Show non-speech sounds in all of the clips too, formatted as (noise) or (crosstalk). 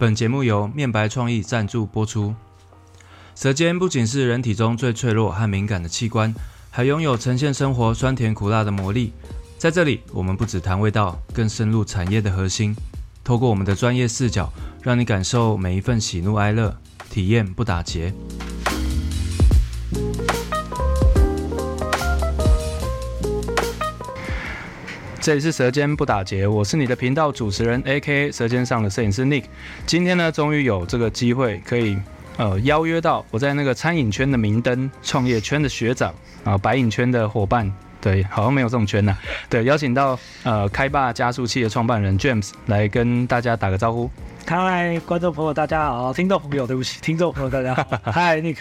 本節目由面白創意贊助播出。舌尖不僅是人體中最脆弱和敏感的器官，還擁有呈現生活酸甜苦辣的魔力。在這裡，我們不只談味道，更深入產業的核心，透過我們的專業視角，讓你感受每一份喜怒哀樂，體驗不打結。這裡是《舌尖不打結》，我是你的頻道主持人，aka 舌尖上的攝影師 Nick。今天呢，終於有這個機會可以，呃，邀約到我在那個餐飲圈的明燈，創業圈的學長，啊、呃，百飲圈的夥伴。對，好像沒有這種圈呢、啊。對，邀請到呃開霸加速器的創辦人 James 來跟大家打個招呼。嗨，觀眾朋友大家好，聽眾朋友對不起，聽眾朋友大家好。 (laughs) 嗨，Nick。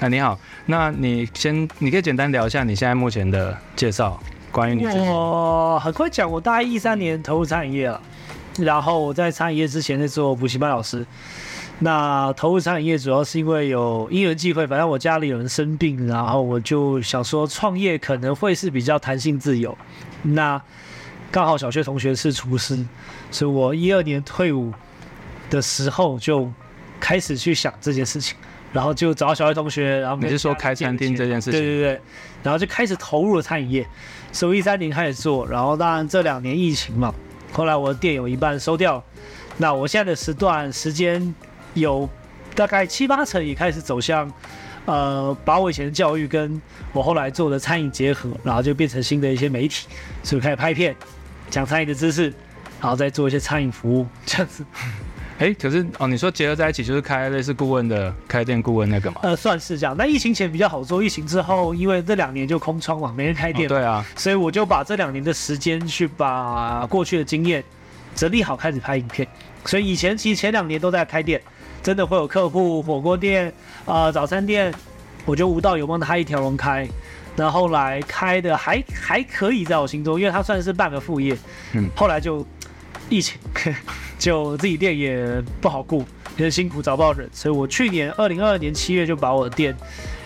啊，你好，那你先，你可以簡單聊一下你現在目前的介紹。關於你事，我很快講，我大概一三年投入餐飲業了。然後我在餐飲業之前在做補習班老師。那投入餐飲業主要是因為有因緣際會，反正我家裡有人生病，然後我就想說創業可能會是比較彈性自由。那剛好小學同學是廚師，所以我一二年退伍的時候就開始去想這件事情，然後就找小學同學，然後每次，你是說開餐廳這件事情？對對對，然後就開始投入了餐飲業。從一三零開始做，然後當然這兩年疫情嘛，後來我的店有一半收掉。那我現在的時段時間有大概七八成，也開始走向，呃，把我以前的教育，跟我後來做的餐飲結合，然後就變成新的一些媒體，所以開始拍片，講餐飲的知識，然後再做一些餐飲服務，這樣子。哎，可是哦，你說結合在一起就是開類似顧問的開店顧問那個嗎？呃，算是這樣。那疫情前比較好做，疫情之後，因為這兩年就空窗嘛，沒人開店。哦，對啊，所以我就把這兩年的時間去把過去的經驗整理好，開始拍影片。所以以前其實前兩年都在開店，真的會有客戶火鍋店啊、呃，早餐店。我就無道有夢他一條龍開，然後來開的還還可以，在我心中，因為他算是半個副業。嗯，後來就疫情。 (laughs) 就自己店也不好顧，也很辛苦，找不到人，所以我去年二零二二年七月就把我的店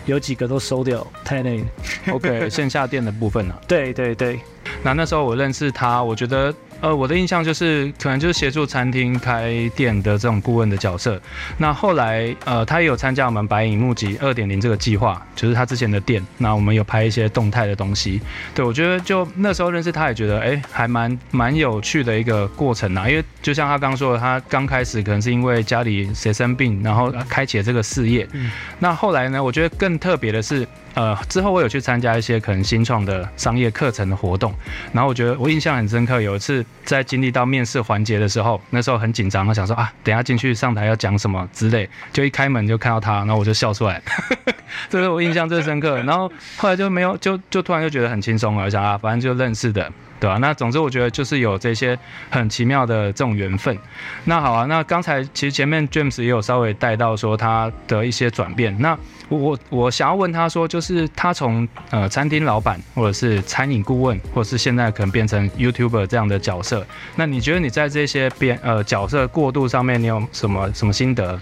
有幾個都收掉，太累了。OK，線下店的部分呢。啊？ (laughs) 對對對，那那時候我認識他，我覺得。呃，我的印象就是可能就是協助餐廳開店的這種顧問的角色。那後來，呃，他也有參加我們白影募集二點零這個計劃，就是他之前的店。那我們有拍一些動態的東西。對我覺得就那時候認識他，也覺得哎、欸，還蠻蠻有趣的一個過程啊。因為就像他剛說的，他剛開始可能是因為家裡誰生病，然後開啟了這個事業。嗯、那後來呢，我覺得更特別的是。呃，之後我有去參加一些可能新創的商業課程的活動，然後我覺得我印象很深刻。有一次在經歷到面試環節的時候，那時候很緊張，我想說啊，等一下進去上台要講什麼之類，就一開門就看到他，然後我就笑出來，呵呵，這個我印象最深刻。然後後來就沒有，就就突然就覺得很輕鬆了，想啊，反正就認識的，對吧、啊？那總之我覺得就是有這些很奇妙的這種緣分。那好啊，那剛才其實前面 James 也有稍微帶到說他的一些轉變，那。我我想要問他說，就是他從呃餐廳老闆，或者是餐飲顧問，或者是現在可能變成 YouTuber 這樣的角色，那你覺得你在這些變呃角色過渡上面，你有什麼什麼心得？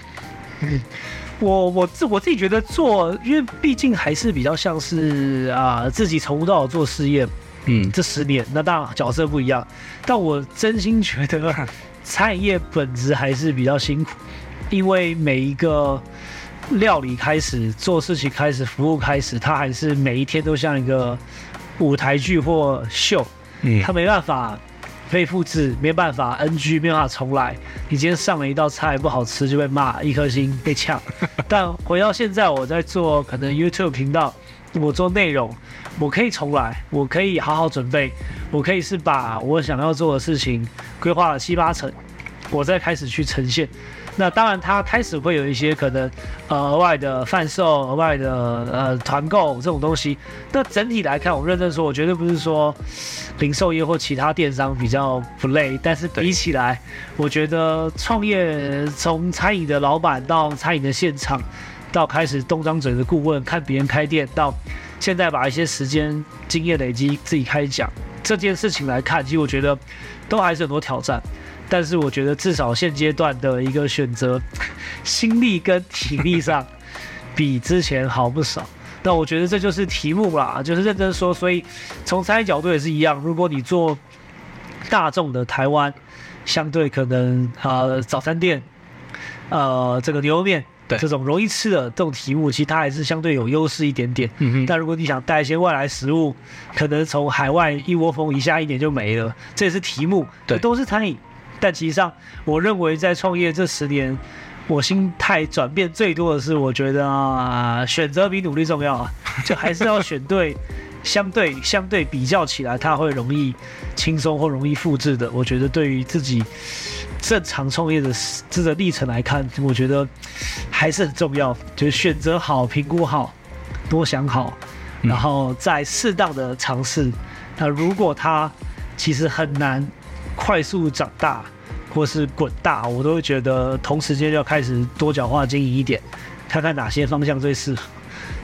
嗯、我我自我自己覺得做，因為畢竟還是比較像是啊自己從無到有做事業，嗯，嗯這十年那當然角色不一樣，但我真心覺得餐飲業本質還是比較辛苦，因為每一個料理開始，做事情開始，服務開始，他還是每一天都像一個舞台劇或秀，嗯，他沒辦法，被複製，沒辦法 NG，沒辦法重來。你今天上了一道菜不好吃就被罵，一顆星被嗆。 (laughs) 但回到現在，我在做可能 YouTube 頻道，我做內容，我可以重來，我可以好好準備，我可以是把我想要做的事情規劃了七八成，我再開始去呈現。那當然，他開始會有一些可能，呃，額外的販售、額外的呃團購這種東西。那整體來看，我認真說，我絕對不是說零售業或其他電商比較不累，但是比起來，我覺得創業從餐飲的老闆到餐飲的現場，到開始動張嘴的顧問，看別人開店，到現在把一些時間經驗累積自己開講這件事情來看，其實我覺得都還是很多挑戰。但是我覺得至少現階段的一個選擇，心力跟體力上比之前好不少。 (laughs) 那我覺得這就是題目啦,就是認真說。所以從餐飲角度也是一樣,如果你做大眾的台灣,相對可能啊、呃、早餐店,呃這個牛肉麵對這種容易吃的這種題目,其實它還是相對有優勢一點點。嗯哼。但如果你想帶一些外來食物,可能從海外一窩蜂一下一年就沒了,這也是題目。對,都是餐飲。但其實上，我認為在創業這十年，我心態轉變最多的是，我覺得啊，選擇比努力重要啊，就還是要選對，相對相對比較起來，它會容易輕鬆或容易複製的。我覺得對於自己這場創業的這個歷程來看，我覺得還是很重要，就是選擇好，評估好，多想好，然後再適當的嘗試。那如果它其實很難。快速長大，或是滾大，我都會覺得同時間就要開始多角化經營一點，看看哪些方向最適合。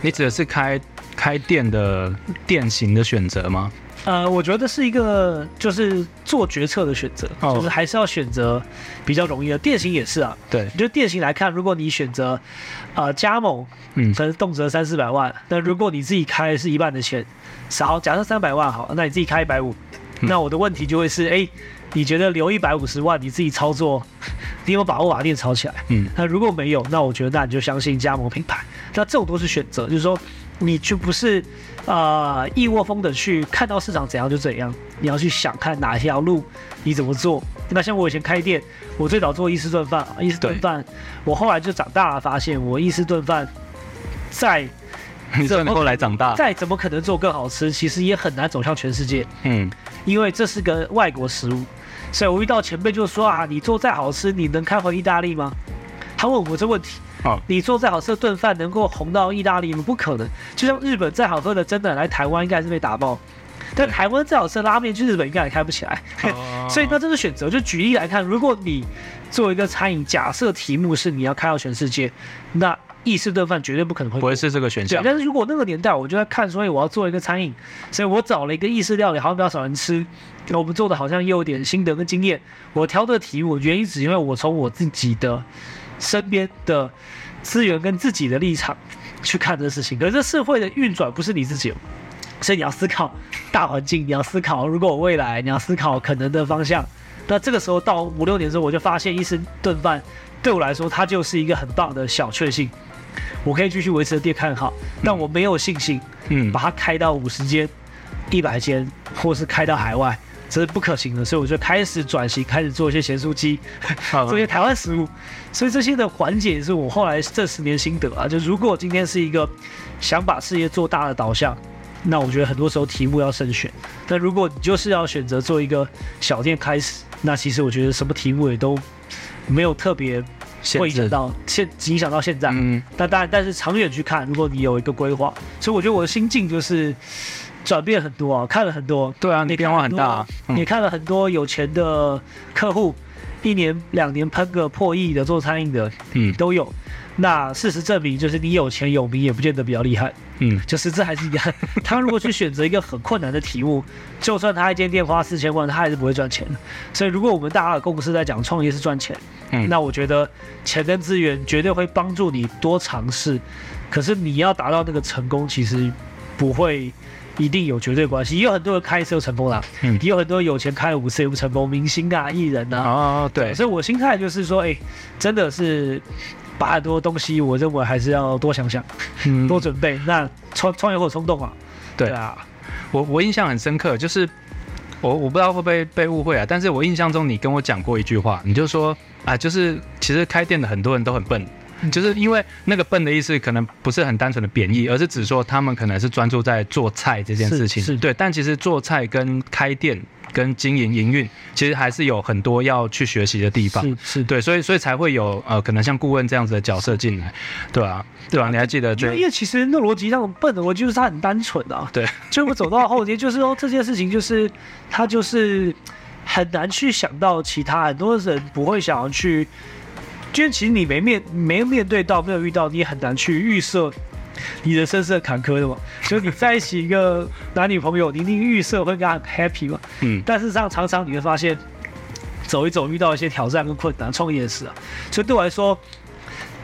你指的是開開店的店型的選擇嗎？呃，我覺得是一個就是做決策的選擇，就是、oh. 還是要選擇比較容易的店型也是啊。對，就店型來看，如果你選擇啊、呃、加盟，可是動輒三四百萬。那、嗯、如果你自己開是一半的錢少，假設三百萬好，那你自己開一百五，那我的問題就會是哎。欸你覺得留一百五十萬，你自己操作，你有沒有把握把店炒起來？嗯，那如果沒有，那我覺得那你就相信加盟品牌。那這種都是選擇，就是說，你就不是啊、呃、一窩蜂的去看到市場怎樣就怎樣，你要去想看哪一條路你怎麼做。那像我以前開店，我最早做義式燉飯，義式燉飯，對我後來就長大了發現，我義式燉飯在，你算後來長大，再怎麼可能做更好吃，其實也很難走向全世界。嗯。因為這是個外國食物，所以我遇到前輩就說啊，你做再好吃，你能開回意大利嗎？他問我這問題好，你做再好吃的燉飯能夠紅到意大利嗎？不可能，就像日本再好喝的，真的來台灣應該還是被打爆。但台灣再好吃的拉面去日本應該也開不起來。對 (laughs) 所以那這個選擇，就舉例來看，如果你做一個餐飲，假設題目是你要開到全世界，那。意式燉飯絕對不可能會不會是這個選項？但是如果那個年代，我就在看，所以我要做一個餐飲，所以我找了一個意式料理，好像比較少人吃，我們做的好像也有點心得跟經驗。我挑的題，我原因只因為我從我自己的身邊的資源跟自己的立場去看這事情。可是這社會的運轉不是你自己，所以你要思考大環境，你要思考如果未來，你要思考可能的方向。那這個時候到五六年之後，我就發現意式燉飯對我來說，它就是一個很棒的小確幸。我可以繼續維持的店看好，但我沒有信心，嗯，把它開到五十間、一百間，或是開到海外，這是不可行的。所以我就開始轉型，開始做一些鹹酥雞，做一些台灣食物。了所以這些的環節也是我後來這十年心得啊。就如果今天是一個想把事業做大的導向，那我覺得很多時候題目要慎選。那如果你就是要選擇做一個小店開始，那其實我覺得什麼題目也都沒有特別。會影響到現影響到現在，嗯，但當然，但是長遠去看，如果你有一個規劃，所以我覺得我的心境就是轉變很多啊，看了很多，對啊，你變化很大啊，你，嗯，看了很多有錢的客戶，一年兩年噴個破億的做餐飲的，嗯，都有。嗯。那事實證明，就是你有錢有名，也不見得比較厲害。嗯，就是這還是一樣。他如果去選擇一個很困難的題目，就算他一間店花四千萬，他還是不會賺錢的。所以，如果我們大家的共識在講創業是賺錢，嗯，那我覺得錢跟資源絕對會幫助你多嘗試。可是，你要達到那個成功，其實不會一定有絕對關係。也有很多人開一次又成功了，嗯，也有很多人有錢開了五次也不成功，明星啊、藝人啊，啊，對。所以我心態就是說，哎，真的是。把很多東西，我認為還是要多想想，嗯，多準備。那創創業會衝動啊？對啊，我我印象很深刻，就是我我不知道會不會被誤會啊。但是我印象中你跟我講過一句話，你就說啊，就是其實開店的很多人都很笨，就是因為那個笨的意思可能不是很單純的貶義，而是指說他們可能是專注在做菜這件事情。是，是對，但其實做菜跟開店。跟經營營運，其實還是有很多要去學習的地方，是，是，對，所以所以才會有呃，可能像顧問這樣子的角色進來，對啊，對啊，你還記得這個？因為因為其實那邏輯上笨的我就是很單純啊，對。所以我走到後，也就是說這件事情就是他，就是很難去想到其他，很多人不會想要去，就因為其實你沒面沒面對到，沒有遇到，你也很難去預設。你人生是坎坷的嘛，所以你在一起一個男女朋友， (laughs) 你一定預設會跟他很 happy 嘛。嗯。但事實上常常你會發現，走一走遇到一些挑戰跟困難，創業的事啊。所以對我來說，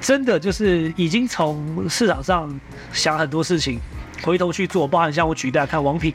真的就是已經從市場上想很多事情，回頭去做，包含像我舉例來看王品，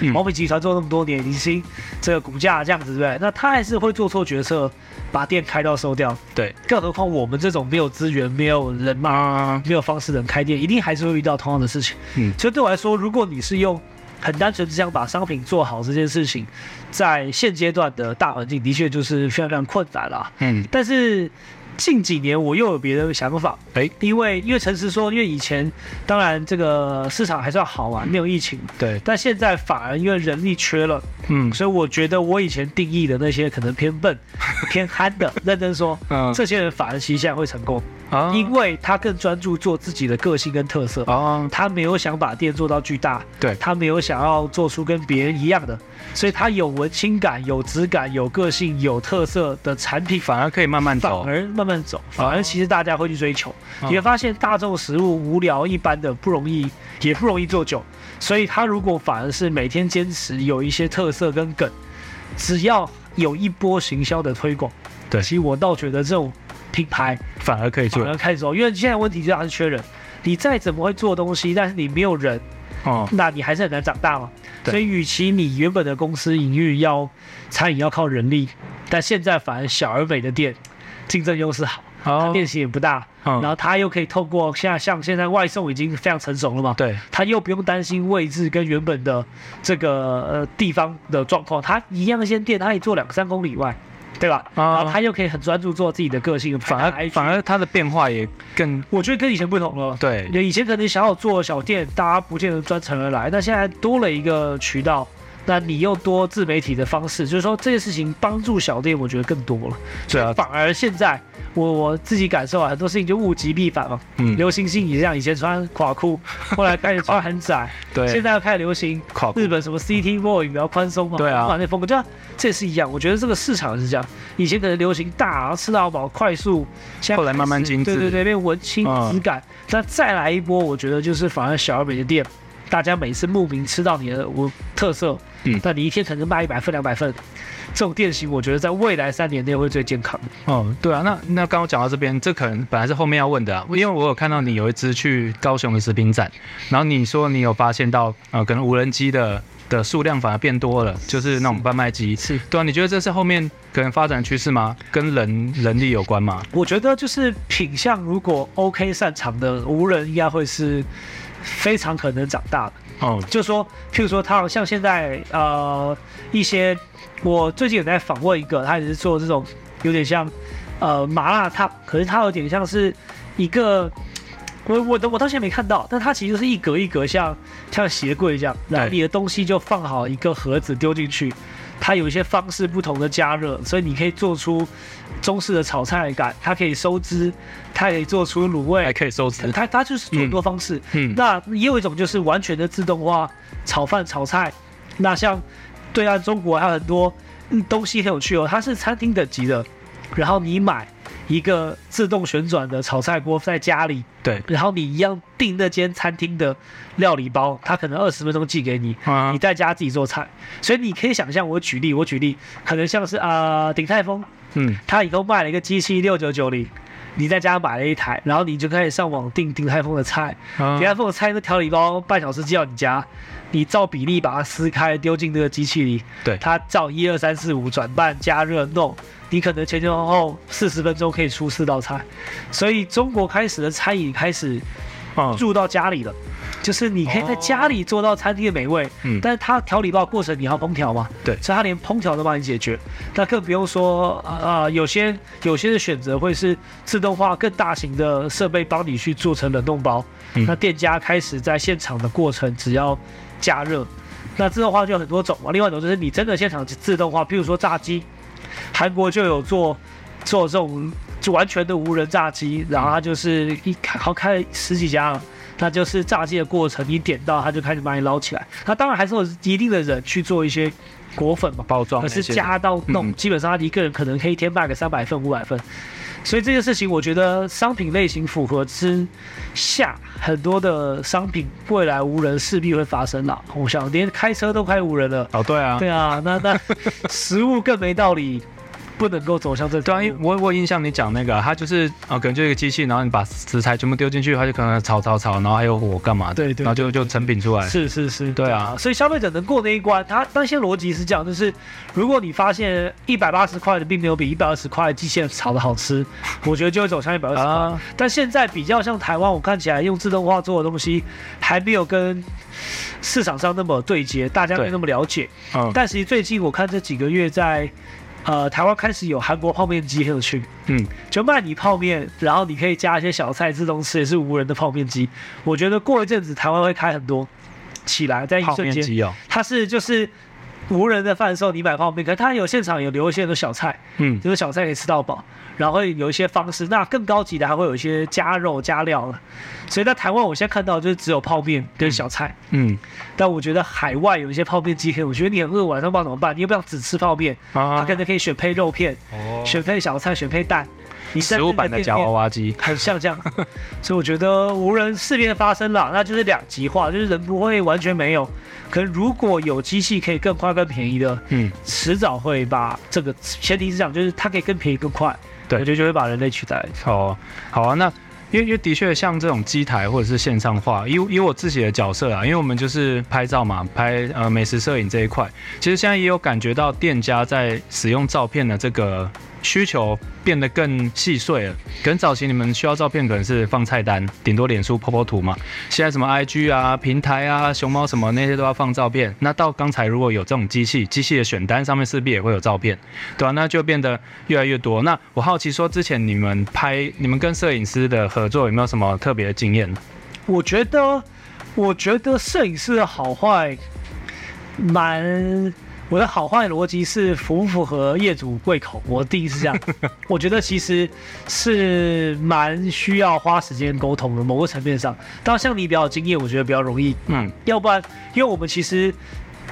嗯、王品集團做那麼多年，已經這個股價這樣子，對不對？那他還是會做錯決策。把店開到收掉，對，更何況我們這種沒有資源、沒有人嘛，沒有方式能開店，一定還是會遇到同樣的事情。嗯，所以對我來說，如果你是用很單純只想把商品做好這件事情，在現階段的大環境，的確就是非常非常困難啦。嗯，但是。近幾年我又有別的想法，哎，因為因為誠實說，因為以前當然這個市場還算好嘛，啊，沒有疫情，對，但現在反而因為人力缺了，嗯，所以我覺得我以前定義的那些可能偏笨、偏憨的， (laughs) 認真說，嗯，這些人反而其實現在會成功。因為他更專注做自己的個性跟特色，哦、他沒有想把店做到巨大，對他沒有想要做出跟別人一樣的，所以他有文青感、有質感、有個性、有特色的產品，反而可以慢慢走，反而慢慢走，反而其實大家會去追求，你會、哦、發現大眾食物無聊一般的不容易，也不容易做久，所以他如果反而是每天堅持有一些特色跟梗，只要有一波行銷的推廣，對，其實我倒覺得這種。品牌反而，反而可以做，因為現在問題就是還是缺人。你再怎麼會做東西，但是你沒有人，哦，那你還是很難長大嘛。對所以，與其你原本的公司營運要餐飲要靠人力，但現在反而小而美的店，競爭優勢好，哦，店型也不大，哦、然後他又可以透過現在像現在外送已經非常成熟了嘛，對，他又不用擔心位置跟原本的這個呃地方的狀況，他一樣一間店，他可以做兩三公里以外。對吧？啊、嗯，他又可以很專注做自己的個性，反而反而他的變化也更，我覺得跟以前不同了。對，以前可能想要做小店，大家不見得專程而來，但現在多了一個渠道，那你又多自媒體的方式，就是說這件事情幫助小店，我覺得更多了，是啊，所以反而現在。我我自己感受啊，很多事情就物極必反嘛。嗯，流行性也是這樣，以前穿垮褲，後來開始穿很窄， (laughs) 對，現在又開始流行。垮褲日本什麼 C T boy 比較寬鬆嘛，對啊，那風格就、啊、這是一樣。我覺得這個市場是這樣，以前可能流行大，然後吃到飽，快速，現在後來慢慢精致，對對對，變文青質感。那、啊、再來一波，我覺得就是反而小而美的店，大家每次慕名吃到你的我特色。嗯，那你一天可能就賣一百份、兩百份。這種店型，我覺得在未來三年內會最健康的。哦、嗯，對啊，那那剛剛講到這邊，這可能本來是後面要問的、啊，因為我有看到你有一支去高雄的食品展，然後你說你有發現到，呃，可能無人機的的數量反而變多了，就是那種販賣機。是，對啊，你覺得這是後面可能發展趨勢嗎？跟人人力有關嗎？我覺得就是品相如果 OK 擅長的無人應該會是非常可能長大的。哦，oh. 就說，譬如說，他好像現在，呃，一些，我最近有在訪問一個，他也是做這種，有點像，呃，麻辣燙，可是他有點像是一個，我我的我到現在沒看到，但他其實就是一格一格像，像像鞋櫃這樣，對然後你的東西就放好一個盒子丟進去。它有一些方式不同的加熱，所以你可以做出中式的炒菜的感，它可以收汁，它也可以做出滷味，還可以收汁。它它就是很多方式。嗯，嗯，那也有一種就是完全的自動化炒飯炒菜。那像對岸中國還有很多、嗯、東西很有趣哦，它是餐廳等級的，然後你買。一個自動旋轉的炒菜鍋在家裡，對，然後你一樣訂那間餐廳的料理包，他可能二十分鐘寄給你，啊、你在家自己做菜，所以你可以想象。我舉例，我舉例，可能像是啊、呃、鼎泰豐，嗯，他已經賣了一個機器六九九零。你在家買了一台，然後你就開始上網訂鼎泰豐的菜，嗯、鼎泰豐的菜那調理包半小時寄到你家，你照比例把它撕開丟進這個機器裡，對，它照一二三四五轉半加熱弄，你可能前前後後四十分鐘可以出四道菜，所以中國開始的餐飲開始入到家裡了，嗯就是你可以在家裡做到餐廳的美味，哦、嗯，但是它調理包過程你要烹調嘛？對，所以它連烹調都幫你解決，那更不用說啊、呃，有些有些的選擇會是自動化更大型的設備幫你去做成冷凍包，嗯、那店家開始在現場的過程只要加熱，嗯、那自動化就有很多種嘛。另外一種就是你真的現場自動化，比如說炸雞，韓國就有做做這種完全的無人炸雞，然後它就是一開，好像開了十幾家那就是炸雞的過程，你點到它就開始把你撈起來。它當然還是有一定的人去做一些果粉嘛，包裝裝，可是加到弄，嗯、基本上他一個人可能可以一天賣個三百份，五百份。所以這件事情，我覺得商品類型符合之下，很多的商品未來無人勢必會發生了。我想連開車都快無人了。哦，對啊，對啊，那那 (laughs) 食物更沒道理。不能夠走向這對啊！我我印象你講那個，它就是啊、呃，可能就一個機器，然後你把食材全部丟進去，它就可能炒炒炒，然後還有火干嘛？對,對對，然後就就成品出來。是是是，對啊對。所以消費者能過那一關，他，但現在邏輯是這樣，就是如果你發現一百八十塊的並沒有比一百二十塊的機械炒的好吃， (laughs) 我覺得就會走向一百二十塊。啊， (laughs) 但現在比較像台灣，我看起來用自動化做的東西還沒有跟市場上那麼對接，大家沒那麼了解。但、嗯、但是最近我看這幾個月在。呃，台灣開始有韓國泡麵機，很有趣。嗯，就賣你泡麵，然後你可以加一些小菜，自動吃也是無人的泡麵機。我覺得過一陣子台灣會開很多起來，在一瞬間，泡它是就是無人的販售，你買泡麵，可是它有現場有留一些的小菜，嗯，就是小菜可以吃到飽。然後會有一些方式，那更高級的還會有一些加肉加料了。所以在台灣，我現在看到就是只有泡面跟小菜。嗯。嗯，但我覺得海外有一些泡面機可以，我覺得你很餓，晚上不知道怎麼辦，你又不想只吃泡麵，他可能可以選配肉片，哦、選配小菜，選配蛋。食物版的夾娃娃機，很像這樣。 (laughs) 所以我覺得無人事變發生了，那就是兩極化，就是人不會完全沒有。可能如果有機器可以更快更便宜的，嗯，遲早會把這個前提是講，就是它可以更便宜更快。對，就就會把人類取代哦、啊。好啊，那因為因為的確像這種機台或者是線上化，因為以我自己的角色啊，因為我們就是拍照嘛，拍呃美食攝影這一塊，其實現在也有感覺到店家在使用照片的這個。需求變得更細碎了。可能早期你們需要照片，可能是放菜單，頂多臉書 PO PO 圖嘛。現在什麼 IG 啊、平台啊、熊貓什麼那些都要放照片。那到剛才如果有這種機器，機器的選單上面勢必也會有照片，對吧、啊？那就變得越來越多。那我好奇說，之前你們拍，你們跟攝影師的合作有沒有什麼特別的經驗？我覺得，我覺得攝影師的好壞，蠻。我的好壞邏輯是符不符合業主胃口，我的定義是這樣， (laughs) 我覺得其實是蠻需要花時間溝通的，某個層面上。但像你比較有經驗，我覺得比較容易，嗯。要不然，因為我們其實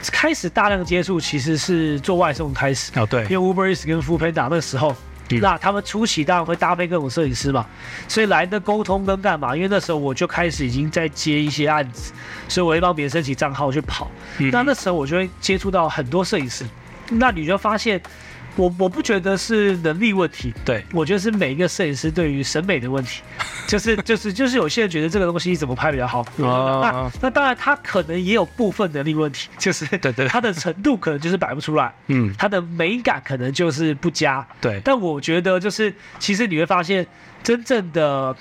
開始大量接觸，其實是做外送開始。哦，對，因為 Uber Eats 跟 Foodpanda 那時候。那他們初期當然會搭配各種攝影師嘛，所以來的溝通跟幹嘛？因為那時候我就開始已經在接一些案子，所以我會幫別人升起賬號去跑。那那時候我就會接觸到很多攝影師，那你就發現。我我不覺得是能力問題，對，我覺得是每一個攝影師對於審美的問題，對，就是就是就是有些人覺得這個東西怎麼拍比較好，哦、那那當然他可能也有部分能力問題，就是對，對對，他的程度可能就是擺不出來，嗯，他的美感可能就是不佳，對，但我覺得就是其實你會發現，真正的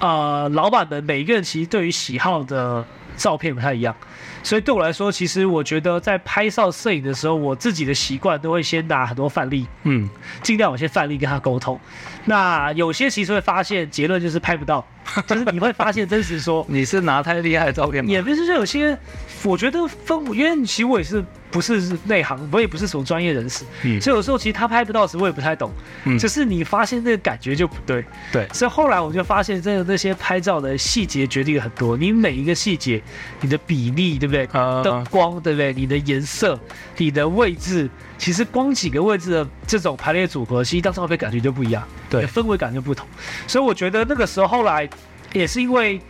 呃老闆們每一個人其實對於喜好的照片不太一樣。所以對我來說，其實我覺得在拍照攝影的時候，我自己的習慣都會先拿很多範例，嗯，盡量有些範例跟他溝通。那有些其實會發現結論就是拍不到， (laughs) 就是你會發現真實說你是拿太厲害的照片嗎？也不是，說有些，我覺得分，因為其實我也是。不是內行，我也不是什麼專業人士，嗯、所以有時候其實他拍不到的時候，我也不太懂。嗯，就是你發現那個感覺就不對。對，所以後來我就發現，真的那些拍照的細節決定了很多。你每一個細節，你的比例，對不對？呃、啊，燈光，對不對？你的顏色，你的位置，其實光幾個位置的這種排列組合，其實當時我會感覺就不一樣。對，氛圍感就不同。所以我覺得那個時候後來也是因為。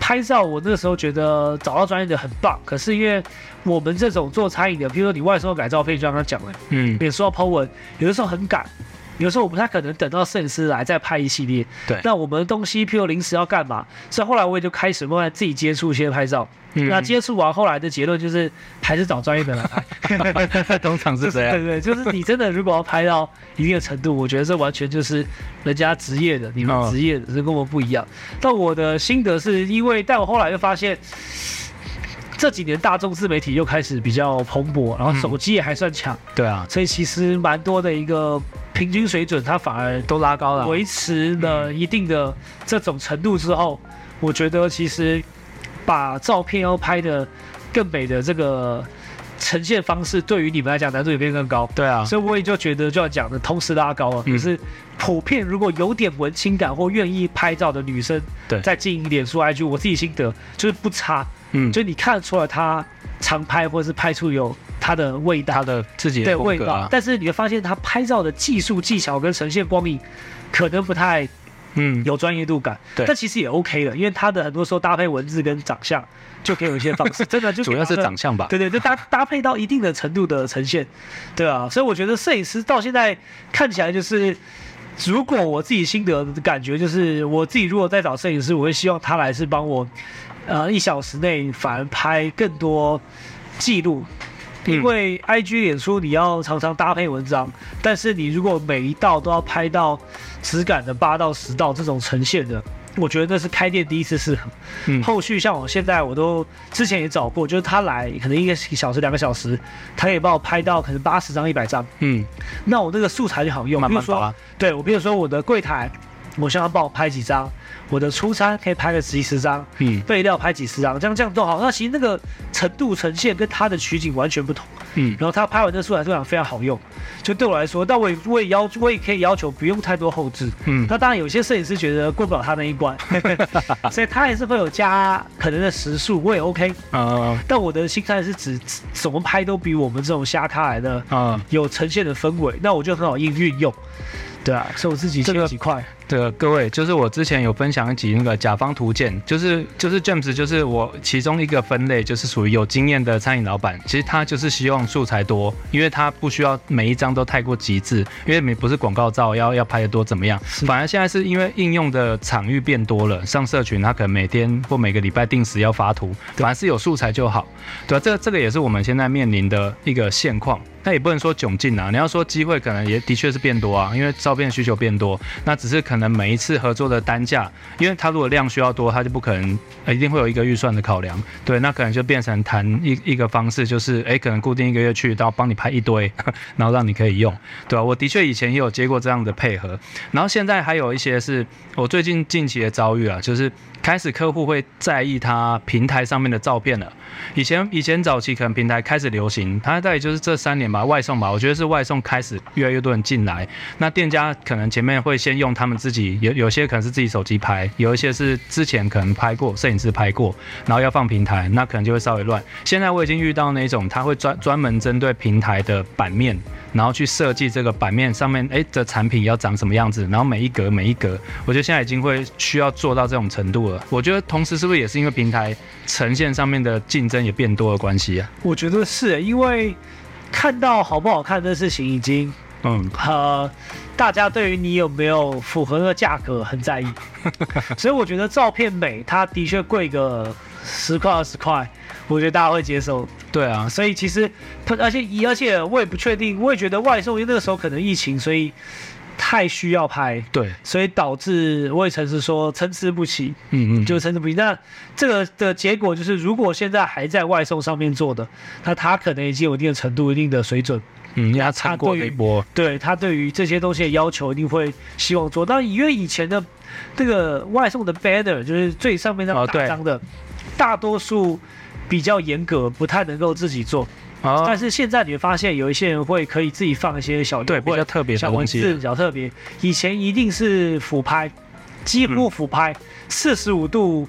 拍照，我那個時候覺得找到專業的很棒。可是因為我們這種做餐飲的，譬如說你外送要改照片，就像剛剛講了，嗯，也說到 PO 文，有的時候很趕。有時候我不太可能等到攝影師來再拍一系列。對，那我們東西譬如臨時要幹嘛，所以後來我也就開始慢慢自己接觸一些拍照。嗯、那接觸完後來的結論就是，還是找專業的人來拍。通常是誰啊？對對，就是你真的如果要拍到一定的程度，我覺得這完全就是人家職業的， (laughs) 你們職業的人跟我們不一樣。好但我的心得是因為，但我後來又發現。這幾年大眾自媒體又開始比較蓬勃，然後手機也還算強、嗯，對啊，所以其實蠻多的一個平均水準，它反而都拉高了，維持了一定的這種程度之後，嗯、我覺得其實把照片要拍的更美的這個呈現方式，對於你們來講難度也變更高，對啊，所以我也就覺得就要講的同時拉高了，就、嗯、是普遍如果有點文青感或願意拍照的女生，對，在經營臉書 IG，我自己心得就是不差。嗯，就你看得出來他常拍，或者是拍出有他的味道，他的自己的、啊、味道。但是你會發現他拍照的技術技巧跟呈現光影，可能不太，嗯，有專業度感。嗯、對，但其實也 OK 的，因為他的很多時候搭配文字跟長相就可以有一些方式， (laughs) 真的就的主要是長相吧。對，對對，就搭搭配到一定的程度的呈現，對啊。 (laughs) 所以我覺得攝影師到現在看起來就是，如果我自己心得的感覺就是，我自己如果在找攝影師，我會希望他來是幫我。呃，一小時內反而拍更多記錄，嗯、因為 I G 臉書你要常常搭配文章，但是你如果每一道都要拍到質感的八到十道這種呈現的，我覺得那是開店第一次是。嗯、後續像我現在，我都之前也找過，就是他來可能一個小時兩個小時，他也幫我拍到可能八十張一百張。嗯，那我那個素材就好用。比如說，慢慢對我比如說我的櫃檯，我想要幫我拍幾張。我的出餐可以拍個幾十張，廢料拍幾十張，嗯、這樣這樣都好。那其實那個程度呈現跟他的取景完全不同。嗯，然後他拍完的素材質量非常好用，就對我來說，但我我也要，我也可以要求不用太多後製。嗯，那當然有些攝影師覺得過不了他那一關，嗯、 (laughs) 所以他還是會有加可能的時數。我也 OK 啊、嗯。但我的心態是指怎麼拍都比我們這種瞎拍來的啊、嗯、有呈現的氛圍，那我就很好運運用。嗯、對啊，所以我自己幾這幾塊。對各位，就是我之前有分享一集那個甲方圖鑑，就是就是 James，就是我其中一個分類，就是屬於有經驗的餐飲老闆。其實他就是希望素材多，因為他不需要每一張都太過極致，因為沒不是廣告照，要要拍得多怎麼樣？是反而現在是因為應用的場域變多了，上社群他可能每天或每個禮拜定時要發圖，對反而是有素材就好。對啊，這個、這個也是我們現在面臨的一個現況。那也不能說窘境啊，你要說機會可能也的確是變多啊，因為照片需求變多，那只是可能。可能每一次合作的單價，因為他如果量需要多，他就不可能呃、欸、一定會有一個預算的考量，對，那可能就變成談一一個方式，就是哎、欸，可能固定一個月去到，幫你拍一堆，然後讓你可以用，對啊，我的確以前也有接過這樣的配合，然後現在還有一些是我最近近期的遭遇啊，就是開始客戶會在意他平台上面的照片了。以前以前早期可能平台開始流行，他大概就是這三年吧，外送吧，我覺得是外送開始越來越多人進來，那店家可能前面會先用他們。自己有，有些可能是自己手機拍，有一些是之前可能拍過，攝影師拍過，然後要放平台，那可能就會稍微亂。現在我已經遇到那種，他會專專門針對平台的版面，然後去設計這個版面上面，哎，的產品要長什麼樣子，然後每一格每一格，我覺得現在已經會需要做到這種程度了。我覺得同時是不是也是因為平台呈現上面的競爭也變多的關係啊？我覺得是，因為看到好不好看的事情已經，嗯，啊、呃。大家對於你有沒有符合那個價格很在意， (laughs) 所以我覺得照片美，它的確貴個十塊二十塊，我覺得大家會接受。對啊，所以其實，而且而且我也不確定，我也覺得外送因為那個時候可能疫情，所以太需要拍，對，所以導致我也曾是說參差不齊，嗯嗯，就參差不齊。那這個的結果就是，如果現在還在外送上面做的，那他可能已經有一定的程度、一定的水準。嗯，因為他撐過那一波，對，他對於這些東西的要求，一定會希望做到，因為以前的這個外送的 banner，就是最上面那個蓋章的，哦、大多數比較嚴格，不太能夠自己做。哦、但是現在你會發現，有一些人會可以自己放一些小對比較特別小文字，比較特別。以前一定是俯拍，幾乎俯拍四十五度。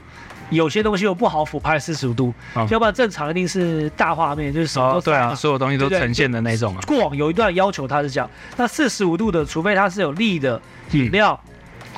有些東西又不好俯拍四十五度，哦、要不然正常一定是大畫面，就是什麼都啊、哦、對啊，所有東西都呈現的那種、啊。對對對，過往有一段要求他是講，那四十五度的，除非它是有利的飲、嗯、料，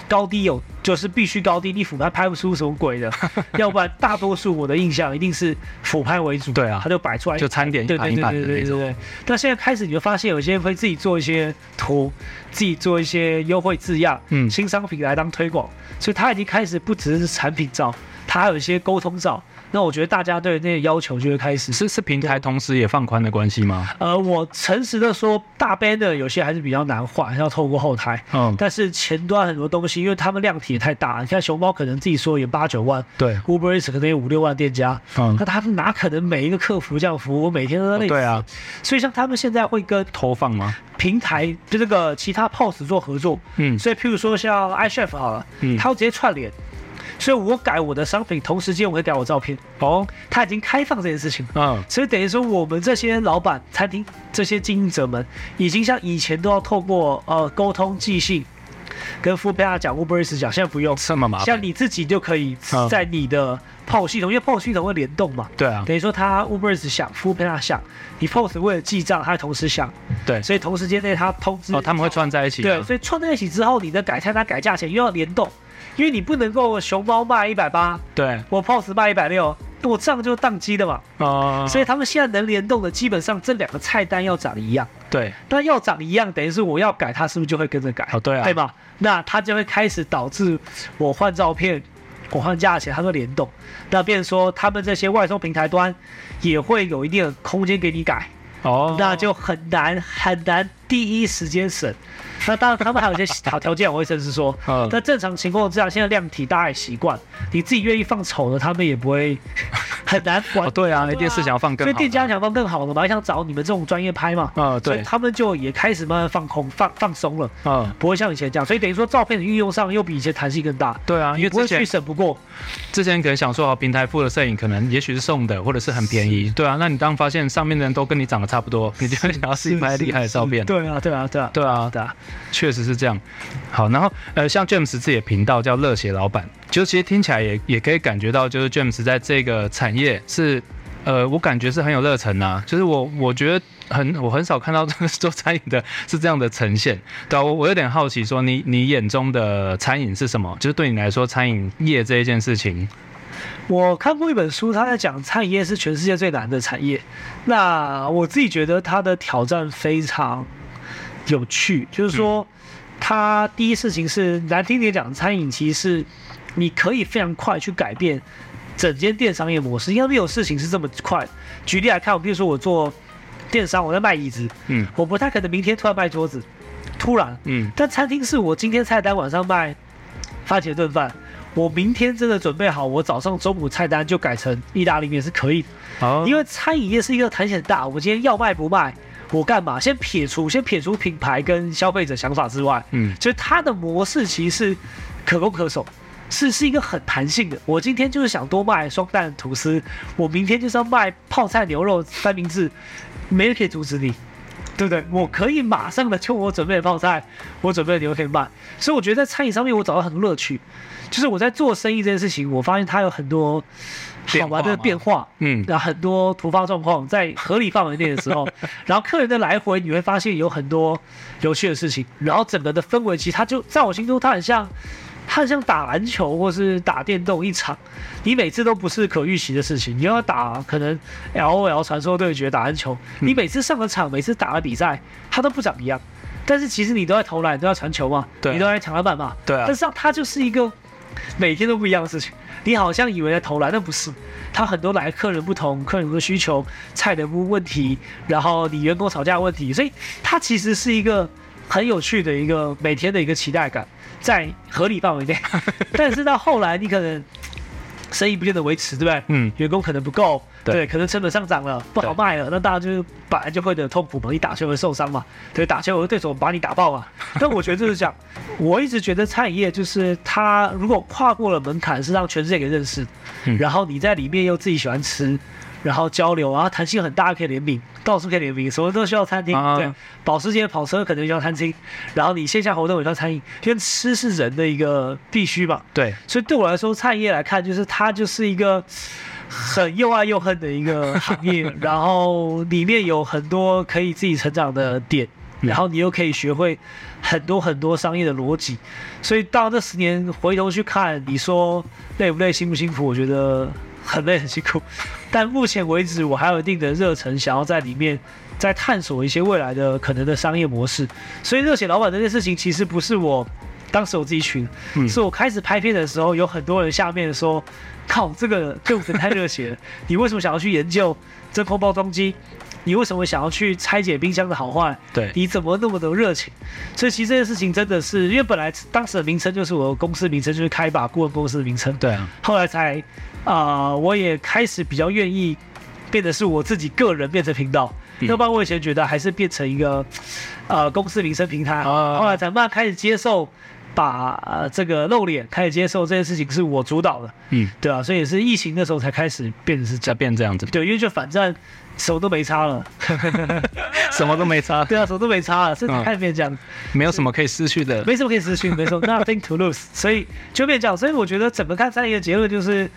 高低有就是必須高低你俯拍拍不出什麼鬼的，呵呵要不然大多數我的印象一定是俯拍為主。對啊，他就擺出來就餐點一半一半，對，對對對對對對。那現在開始你就發現，有些人會自己做一些圖，自己做一些優惠字樣，嗯，新商品來當推廣，所以它已經開始不只是產品照。它有一些溝通上，那我覺得大家對那些要求就會開始是是平台同時也放寬的關係嗎？呃，我誠實的說，大 banner、er、有些還是比較難換，要透過後台。嗯。但是前端很多東西，因為他們量體也太大，你看熊貓可能自己說有八九萬，對，Uber Eats 可能有五六萬店家。嗯。那他們哪可能每一個客服這樣服務？我每天都在那裡、哦、對啊。所以像他們現在會跟投放嗎？平台就這個其他 POS 做合作。嗯。所以譬如說像 iChef 好了，嗯、他會直接串聯。所以我改我的商品，同時間我會改我照片。哦，他已經開放這件事情了。嗯、哦，所以等於說我們這些老板、餐廳這些經營者們，已經像以前都要透過呃溝通、寄信，跟 foodpanda 講、烏 Uber 講，現在不用這麼麻煩。像你自己就可以在你的 POS 系統，哦、因為 POS 系統會聯動嘛。對啊，等於說他 Uber 想，foodpanda 想，你 POS 為了記賬，它同時想。對，所以同時間內它通知。哦，他們會串在一起。對，所以串在一起之後，你的改菜單、他改價錢又要聯動。因為你不能夠熊貓賣一百八，對，我 POS 賣一百六，我賬就當機的嘛。哦、呃。所以他們現在能聯動的，基本上這兩個菜單要長一樣。對。那要長一樣，等於是我要改，它是不是就會跟着改、哦？對啊。對吧？那它就會開始導致我換照片，我換價錢，它會聯動。那變成說他們這些外送平台端也會有一定的空間給你改。哦。那就很難很難第一時間審。那當然，他們還有一些好條件。我會甚至說，嗯，那正常情況之下，現在量體大概也習慣，你自己願意放醜的，他們也不會很難管。對啊，店是想要放更，所以店家想放更好的嘛，還想找你們這種專業拍嘛。啊，對，他們就也開始慢慢放空、放放鬆了。啊，不會像以前這樣，所以等於說照片的運用上又比以前彈性更大。對啊，因為去省。不過，之前可能想說平台付的攝影可能也許是送的或者是很便宜。對啊，那你當發現上面的人都跟你長得差不多，你就想要自己拍厲害的照片。啊，對啊，對啊，對啊，對啊。確實是這樣，好，然後呃，像 James 自己的頻道叫“熱血老闆”，就其實聽起來也也可以感覺到，就是 James 在這個產業是，呃，我感覺是很有熱忱吶、啊。就是我我覺得很，我很少看到這個做餐飲的是這樣的呈現。對啊，我我有點好奇，說你你眼中的餐飲是什麼？就是對你來說，餐飲業這一件事情。我看過一本書，他在講餐飲業是全世界最難的產業。那我自己覺得它的挑戰非常。有趣，就是說，他第一事情是難聽點講，餐飲其實是你可以非常快去改變整間店商業模式，因為沒有事情是這麼快。舉例來看，我比如說我做電商，我在賣椅子，嗯，我不太可能明天突然賣桌子，突然，嗯，但餐廳是我今天菜單晚上賣番茄燉飯，我明天真的準備好，我早上中午菜單就改成意大利麵是可以的，啊、因為餐飲業是一個彈性大，我今天要賣不賣。我幹嘛？先撇除，先撇除品牌跟消費者想法之外，嗯，其實它的模式其實是可攻可守，是是一個很彈性的。我今天就是想多賣雙蛋吐司，我明天就是要賣泡菜牛肉三明治，沒人可以阻止你。對不對？我可以馬上的，就我準備的泡菜，我準備的牛排，所以我覺得在餐飲上面，我找到很多樂趣，就是我在做生意這件事情，我發現它有很多，好玩的變化，變化嗯，然後很多突發狀況，在合理範圍內的時候， (laughs) 然後客人的來回，你會發現有很多有趣的事情，然後整個的氛圍，其實它就在我心中，它很像。它很像打籃球或是打電動一場，你每次都不是可預期的事情。你要打可能 LOL 傳說對決、打籃球，你每次上了場，嗯、每次打了比賽，它都不長一樣。但是其實你都在投籃，你都在傳球嘛，啊、你都在搶籃板嘛。對啊。但是他它就是一個每天都不一樣的事情。你好像以為在投籃，那不是？它很多來客人不同，客人的需求，菜的不問題，然後你員工吵架的問題，所以它其實是一個很有趣的一個每天的一個期待感。在合理範圍內，但是到後來你可能生意不見得維持，對不對？嗯，員工可能不夠，對，對可能成本上漲了，對不好賣了，那大家就是本來就會有痛苦嘛，你打球會受傷嘛，對，打球我的對手把你打爆嘛。 (laughs) 但我覺得就是講，我一直覺得餐飲業就是它如果跨過了門檻，是讓全世界給認識，嗯、然後你在裡面又自己喜歡吃。然後交流，然後彈性很大，可以聯名，到處可以聯名，什麼都需要餐廳。啊、對，保時捷跑車可能需要餐廳，然後你線下活動也需要餐飲。因為吃是人的一個必須嘛。對，所以對我來說，餐飲業來看，就是它就是一個很又愛又恨的一個行業。 (laughs) 然後裡面有很多可以自己成長的點，然後你又可以學會很多很多商業的邏輯。所以到這十年回頭去看，你說累不累，辛不辛苦？我覺得。很累很辛苦，但目前為止我還有一定的熱忱，想要在裡面再探索一些未來的可能的商業模式。所以熱血老闆這件事情其實不是我當時我自己取的，嗯、是我開始拍片的時候有很多人下面說，靠這個隊伍太熱血了， (laughs) 你為什麼想要去研究真空包裝機？你為什麼想要去拆解冰箱的好壞？對，你怎麼那麼的熱情？所以其實這件事情真的是因為本來當時的名稱就是我公司名稱就是開一把顧問公司的名稱，對啊，後來才。啊、呃，我也開始比較願意，變得是我自己個人變成頻道。要不然我以前覺得還是變成一個，呃，公司名聲平台。啊、後來咱爸開始接受把這個露臉，開始接受這件事情是我主導的。嗯，對啊，所以也是疫情的時候才開始變得是變這樣子。對，因為就反正手都沒差了， (laughs) 什麼都沒差。對啊，手都沒差了，是開始變這樣。沒有什麼可以失去的，沒什麼可以失去，沒錯 nothing to lose。所以就變這樣，所以我覺得怎麼看三一個結論就是。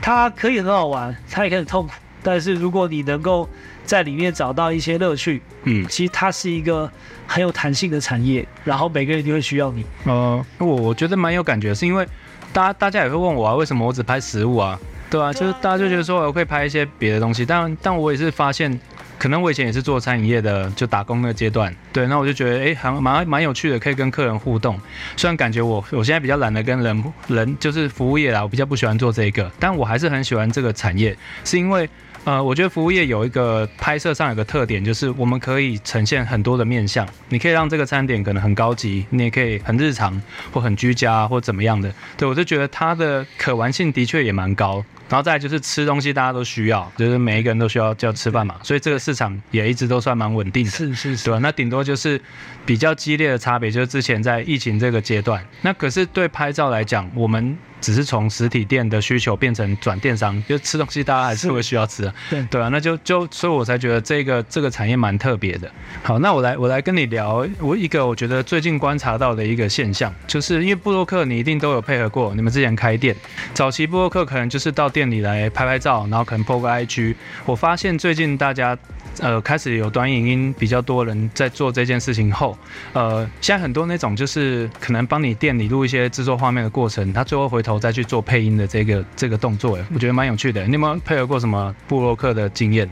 它可以很好玩，它也可以很痛苦。但是如果你能夠在裡面找到一些樂趣，嗯，其實它是一個很有彈性的產業，然後每個人一定會需要你。哦、呃，我我覺得蠻有感覺，是因為大家大家也會問我啊，為什麼我只拍食物啊？對啊，就是大家就覺得說我可以拍一些別的東西，但但我也是發現。可能我以前也是做餐飲業的，就打工的階段，對，那我就覺得，哎、欸，還蠻蠻有趣的，可以跟客人互動。雖然感覺我我現在比較懶得跟人人，就是服務業啦，我比較不喜歡做這個，但我還是很喜歡這個產業，是因為，呃，我覺得服務業有一個拍攝上有個特點，就是我們可以呈現很多的面向，你可以讓這個餐點可能很高級，你也可以很日常或很居家或怎麼樣的。對我就覺得它的可玩性的確也蠻高。然後再來就是吃東西，大家都需要，就是每一個人都需要叫吃飯嘛，對所以這個市場也一直都算蠻穩定的。是是是，對啊，那頂多就是比較激烈的差別，就是之前在疫情這個階段。那可是對拍照來講，我們只是從實體店的需求變成轉電商，就是吃東西大家還是會需要吃啊。對對啊，那就就所以我才覺得這個這個產業蠻特別的。好，那我來我來跟你聊，我一個我覺得最近觀察到的一個現象，就是因為部落客你一定都有配合過，你們之前開店早期部落客可能就是到。店裡來拍拍照，然後可能播個 IG。我發現最近大家，呃，開始有短影音，比較多人在做這件事情後，呃，現在很多那種就是可能幫你店裡錄一些制作畫面的過程，他最後回頭再去做配音的這個這個動作，我覺得蠻有趣的。你有沒有配合過什麼部落客的經驗？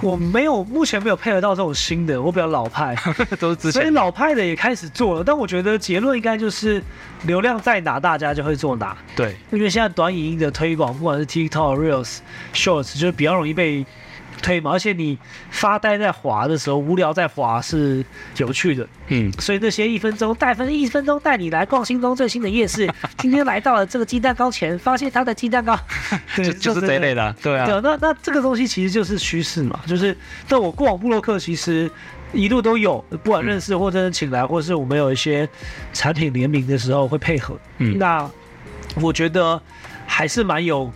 我沒有，目前沒有配合到這種新的，我比較老派， (laughs) 都是之前，所以老派的也開始做了。但我覺得結論應該就是流量在哪，大家就會做哪。對，因為現在短影音的推廣，不管是 TikTok、Reels、Shorts，就是比較容易被。對嘛？而且你發呆在滑的時候，無聊在滑，是有趣的。嗯，所以那些一分鐘帶分，一分鐘帶你來逛心中最新的夜市。 (laughs) 今天來到了這個雞蛋糕前，發現他的雞蛋糕 (laughs) 就，就是這類的，對啊。對，那那這個東西其實就是趨勢嘛，就是。但我過往部落客其實一路都有，不管認識或是請來，嗯、或者是我們有一些產品聯名的時候會配合。嗯，那我覺得還是蠻有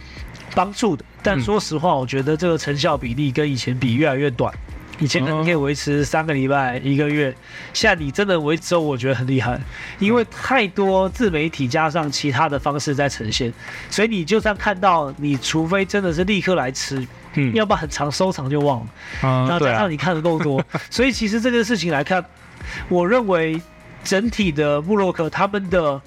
幫助的。但說實話，我覺得這個成效比例跟以前比越來越短，以前可能可以維持三個禮拜、一個月，現在你真的維持，我覺得很厲害，因為太多自媒體加上其他的方式在呈現，所以你就算看到，你除非真的是立刻來吃，要不然很常收藏就忘了。啊，然後加上你看的夠多，所以其實這件事情來看，我認為整體的部落客他們的，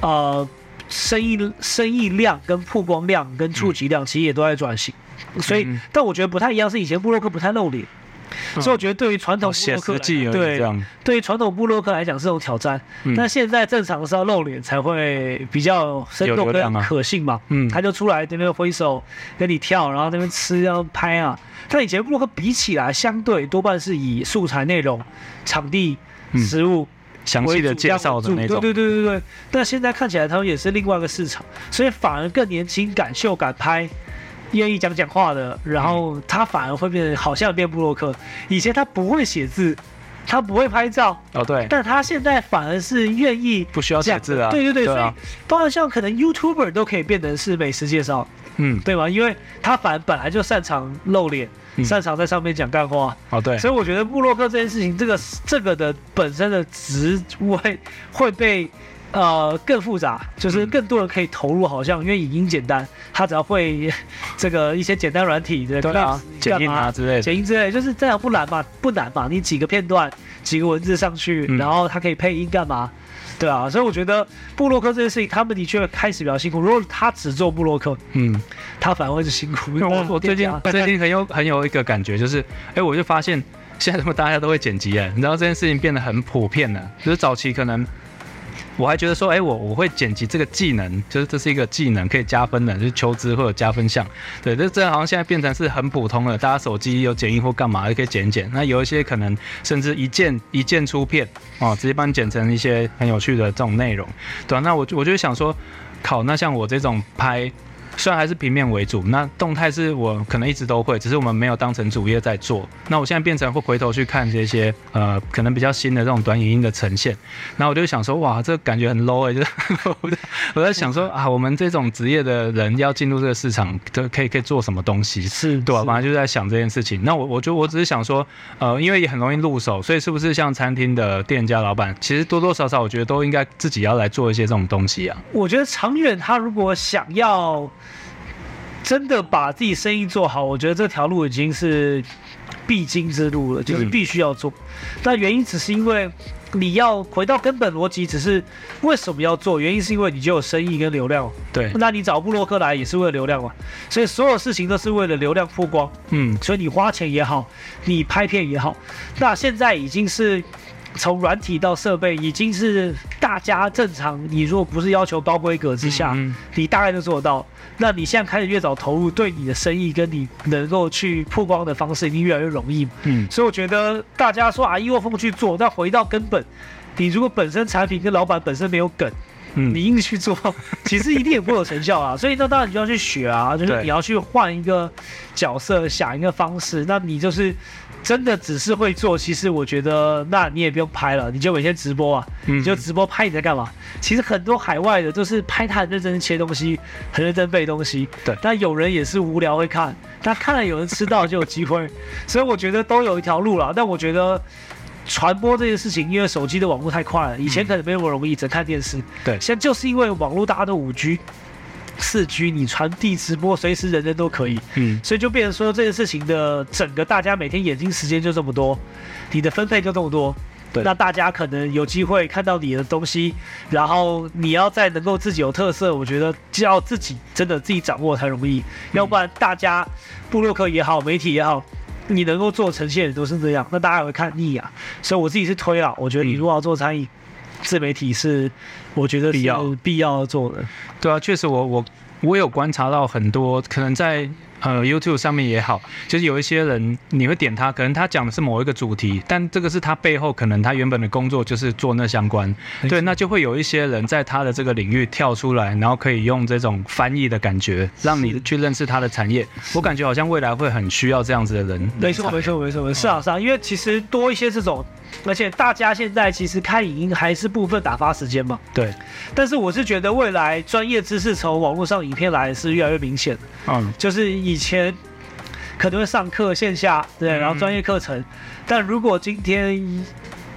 呃。生意生意量跟曝光量跟觸及量其實也都在轉型，嗯、所以但我覺得不太一樣，是以前部落客不太露臉，嗯、所以我覺得對於傳統部落、哦、對，對於傳統部落客來講是種挑戰。嗯、但現在正常是要露臉才會比較生動跟、啊、可信嘛，嗯，他就出來在那邊揮手跟你跳，然後在那邊吃然後拍啊，但以前部落客比起來，相對多半是以素材內容、場地、食物。嗯詳細的介紹的那種，對對對對對。但現在看起來，他們也是另外一個市場，所以反而更年輕、敢秀、敢拍、願意講講話的，然後他反而會變得好像變部落客。以前他不會寫字，他不會拍照，哦對，但他現在反而是願意、哦、不需要寫字了、啊。對啊對啊對，所以當然像可能 YouTuber 都可以變成是美食介紹，嗯，對嗎？因為他反而本來就擅長露臉。擅長在上面講幹話、嗯、哦，對，所以我覺得部落客這件事情，這個這個的本身的職位會，會被呃更複雜，就是更多人可以投入，好像、嗯、因為影音簡單，他只要會這個一些簡單軟體的幹嘛對對、啊，剪映啊之類剪映之類，就是這樣不難嘛，不難嘛，你幾個片段，幾個文字上去，嗯、然後它可以配音幹嘛？對啊，所以我覺得部落客這件事情，他們的確開始比較辛苦。如果他只做部落客，嗯，他反而會是辛苦、嗯我。我最近 (laughs) 最近很有很有一個感覺，就是哎、欸，我就發現現在什麼大家都會剪輯哎，你知道這件事情變得很普遍了、啊，就是早期可能。我還覺得說，哎、欸，我我會剪輯這個技能，就是這是一個技能，可以加分的，就是求職或者加分項。對，這這好像現在變成是很普通的，大家手機有剪映，或幹嘛，也可以剪剪。那有一些可能甚至一鍵一鍵出片，哦，直接幫你剪成一些很有趣的這種內容，對、啊、那我就我就想說，考那像我這種拍。雖然還是平面為主，那動態是我可能一直都會，只是我們沒有當成主業在做。那我現在變成會回頭去看這些，呃，可能比較新的這種短影音的呈現，然後我就想說，哇，這感覺很 low 哎、欸，就我，我在想說啊，我們這種職業的人要進入這個市場，可以可以做什麼東西？對，是對啊，反正就在想這件事情。那我我就我只是想說，呃，因為也很容易入手，所以是不是像餐廳的店家老闆，其實多多少少我覺得都應該自己要來做一些這種東西啊？我覺得長遠他如果想要。真的把自己生意做好，我覺得這條路已經是必經之路了，就是必須要做。對對。那原因只是因為你要回到根本邏輯，只是為什麼要做？原因是因為你就有生意跟流量。對，那你找部落客來也是為了流量嘛？所以所有事情都是為了流量曝光。嗯，所以你花錢也好，你拍片也好，那現在已經是。從軟體到設備，已經是大家正常。你如果不是要求高規格之下，嗯嗯、你大概都做得到。那你現在開始越早投入，對你的生意跟你能夠去曝光的方式，一定越來越容易。嗯，所以我覺得大家說啊，一窩蜂去做。但回到根本，你如果本身產品跟老闆本身沒有梗，嗯、你硬去做，其實一定也不會有成效啊。 (laughs) 所以那當然你就要去學啊，就是你要去換一個角色，想一個方式。那你就是。真的只是會做，其實我覺得，那你也不用拍了，你就每天直播啊，嗯、你就直播拍你在幹嘛？其實很多海外的都是拍他很認真切東西，很認真背東西。對，但有人也是無聊會看，但看了有人吃到就有機會， (laughs) 所以我覺得都有一條路了。但我覺得傳播這件事情，因為手機的網絡太快了，以前可能沒那麼容易，嗯、只能看電視。對，現在就是因為網絡大家都五 G。四 G，你傳遞直播，隨時人人都可以。嗯，所以就變成說這件事情的整個，大家每天眼睛時間就這麼多，你的分配就這麼多。對，那大家可能有機會看到你的東西，然後你要再能夠自己有特色，我覺得就要自己真的自己掌握才容易，要不然大家部落客也好，媒體也好，你能夠做呈現的都是這樣，那大家也會看膩啊。所以我自己是推了，我覺得你如果要做餐飲。自媒體是，我覺得有必要做的。對啊，確實我，我我我有觀察到很多，可能在呃 YouTube 上面也好，就是有一些人，你會點他，可能他講的是某一個主題，但這個是他背後可能他原本的工作就是做那相關，錯對，那就會有一些人在他的這個領域跳出來，然後可以用這種翻譯的感覺，讓你去認識他的產業。是我感覺好像未來會很需要這樣子的人。沒錯，沒錯，沒錯，哦、是啊，是啊，因為其實多一些這種。而且大家現在其實看影音還是部分打發時間嘛，對。但是我是覺得未來專業知識從網絡上影片來是越來越明顯。嗯，就是以前可能會上課線下，對，然後專業課程。嗯、但如果今天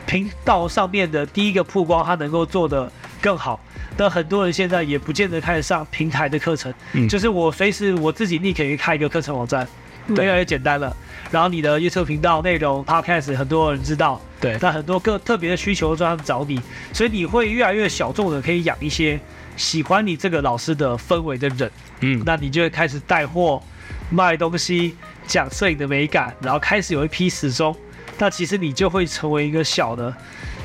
頻道上面的第一個曝光，它能夠做得更好，那很多人現在也不見得開始上平台的課程。嗯，就是我隨時我自己也可以開一個課程網站。對對越來越簡單了，然後你的 YouTube 頻道內容，它開始很多人知道，對，但很多個特別的需求，專門找你，所以你會越來越小眾的，可以養一些喜歡你這個老師的氛圍的人，嗯，那你就會開始帶貨、賣東西、講攝影的美感，然後開始有一批死忠。那其實你就會成為一個小的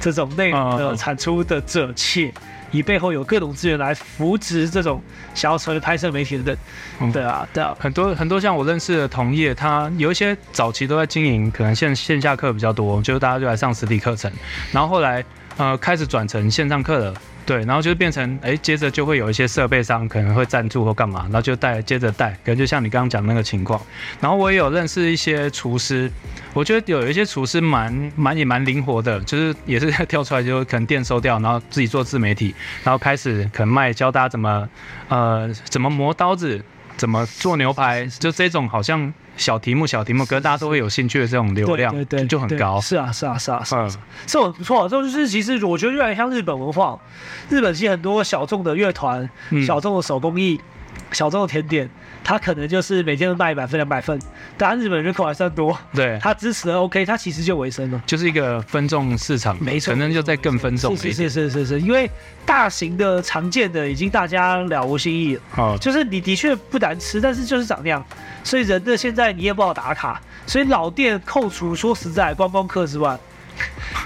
這種內容的產出的者氣。嗯嗯以背後有各種資源來扶植這種小車的拍攝媒體的人，對啊，對啊，嗯，很多很多像我認識的同業，他有一些早期都在經營，可能線線下課比較多，就是大家就來上實體課程，然後後來呃開始轉成線上課了。對，然後就變成哎，接着就會有一些設備商可能會贊助或幹嘛，然後就帶接着帶，可能就像你剛剛講的那個情況。然後我也有認識一些廚師，我覺得有有一些廚師蠻蠻也蠻靈活的，就是也是跳出來就是可能店收掉，然後自己做自媒體，然後開始可能賣教大家怎麼呃怎麼磨刀子。怎麼做牛排？就這種好像小題目、小題目，可能大家都會有興趣的這種流量，對對，對，對對，就很高對對對。是啊，是啊，是啊，是啊，嗯，這種不錯，這種就是其實我覺得越來越像日本文化，日本其實很多小眾的樂團、小眾的手工藝。嗯小眾的甜點，它可能就是每天都賣一百份兩百份，但日本人口還算多，對，它支持的 OK，它其實就維生了，就是一個分眾市場，沒錯，反正就在更分眾。是，是是是是是，因為大型的常見的已經大家了無新意了，好就是你的確不難吃，但是就是長那樣，所以人的現在你也不好打卡，所以老店扣除說實在觀光客之外，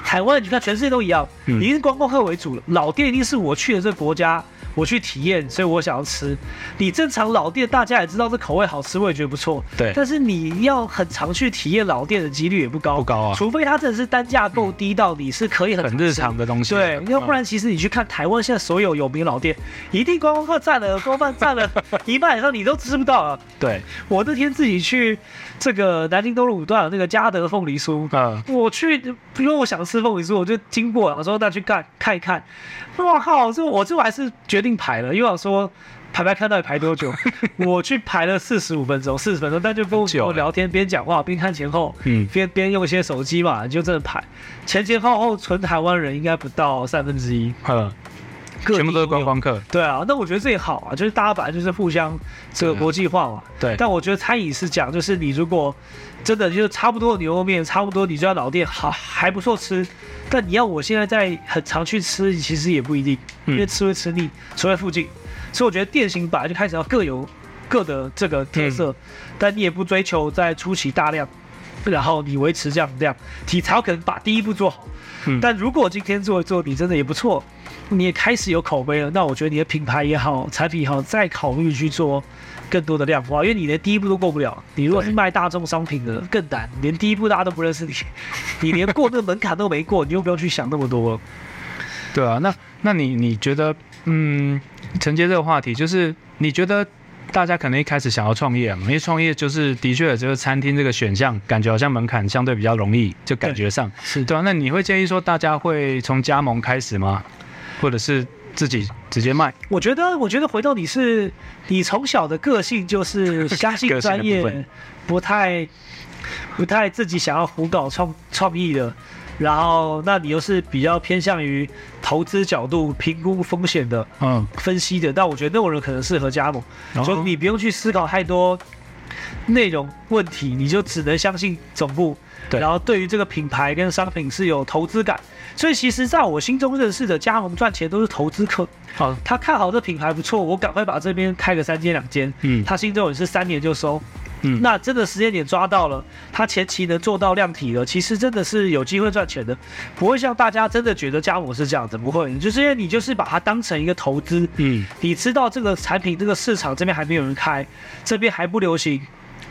台灣你看全世界都一樣，已經是觀光客為主了，老店一定是我去的這個國家。我去體驗，所以我想要吃。你正常老店，大家也知道這口味好吃，我也覺得不錯。對。但是你要很常去體驗老店的幾率也不高。不高啊。除非它真的是單價夠低，到你是可以很、嗯、很日常的東西。對，嗯、因為不然其實你去看台灣現在所有有名老店，嗯、一定光光客占了，光飯占了 (laughs) 一半以上，你都吃不到啊。對。我那天自己去這個南京東路五段那個佳德鳳梨酥，嗯，我去，因為我想吃鳳梨酥，我就經過了，我說那去看看一看。我靠，這我這我還是決定排了，因為我說排排看到底排多久， (laughs) 我去排了四十五分鐘，四十分鐘，但就不，不聊天邊講話邊看前後，嗯、欸，邊邊用一些手機嘛，就這排前前後後純台灣人應該不到三分之一，嗯。全部都是觀光客，對啊，那我覺得這也好啊，就是大家本來就是互相這個國際化嘛。對，啊、對。但我覺得餐飲是講，就是你如果真的就是差不多牛肉麵，差不多你就要老店好還不錯吃，但你要我現在在很常去吃，其實也不一定，因為吃會吃膩，除了、嗯、附近。所以我覺得店型本來就開始要各有各的這個特色，嗯、但你也不追求在初期大量，然後你維持這樣這樣體操可能把第一步做好，嗯、但如果今天做一做你真的也不錯。你也開始有口碑了，那我覺得你的品牌也好，產品也好，再考慮去做更多的量化，因為你連第一步都過不了。你如果是賣大眾商品的，更難，對連第一步大家都不認識你，你連過這個門檻都沒過， (laughs) 你又不用去想那麼多。對啊，那那你你覺得，嗯，承接這個話題，就是你覺得大家可能一開始想要創業嘛？因為創業就是的確，就是餐廳這個選項，感覺好像門檻相對比較容易，就感覺上是對、對啊。那你會建議說，大家會從加盟開始嗎？或者是自己直接賣，我覺得，我覺得回到你是，你從小的個性就是相信專業，個個不太，不太自己想要胡搞創創意的，然後那你又是比較偏向於投資角度評估風險的，嗯，分析的，但我覺得那種人可能適合加盟，就、哦、你不用去思考太多內容問題，你就只能相信總部，對，然後對於這個品牌跟商品是有投資感。所以其實，在我心中認識的加盟賺錢都是投資客。好，他看好這品牌不錯，我趕快把這邊開個三間兩間。嗯，他心中也是三年就收。嗯，那真的時間點抓到了，他前期能做到量體了，其實真的是有機會賺錢的，不會像大家真的覺得加盟是這樣子，不會，就是因為你就是把它當成一個投資。嗯，你知道這個產品、這個市場這邊還沒有人開，這邊還不流行。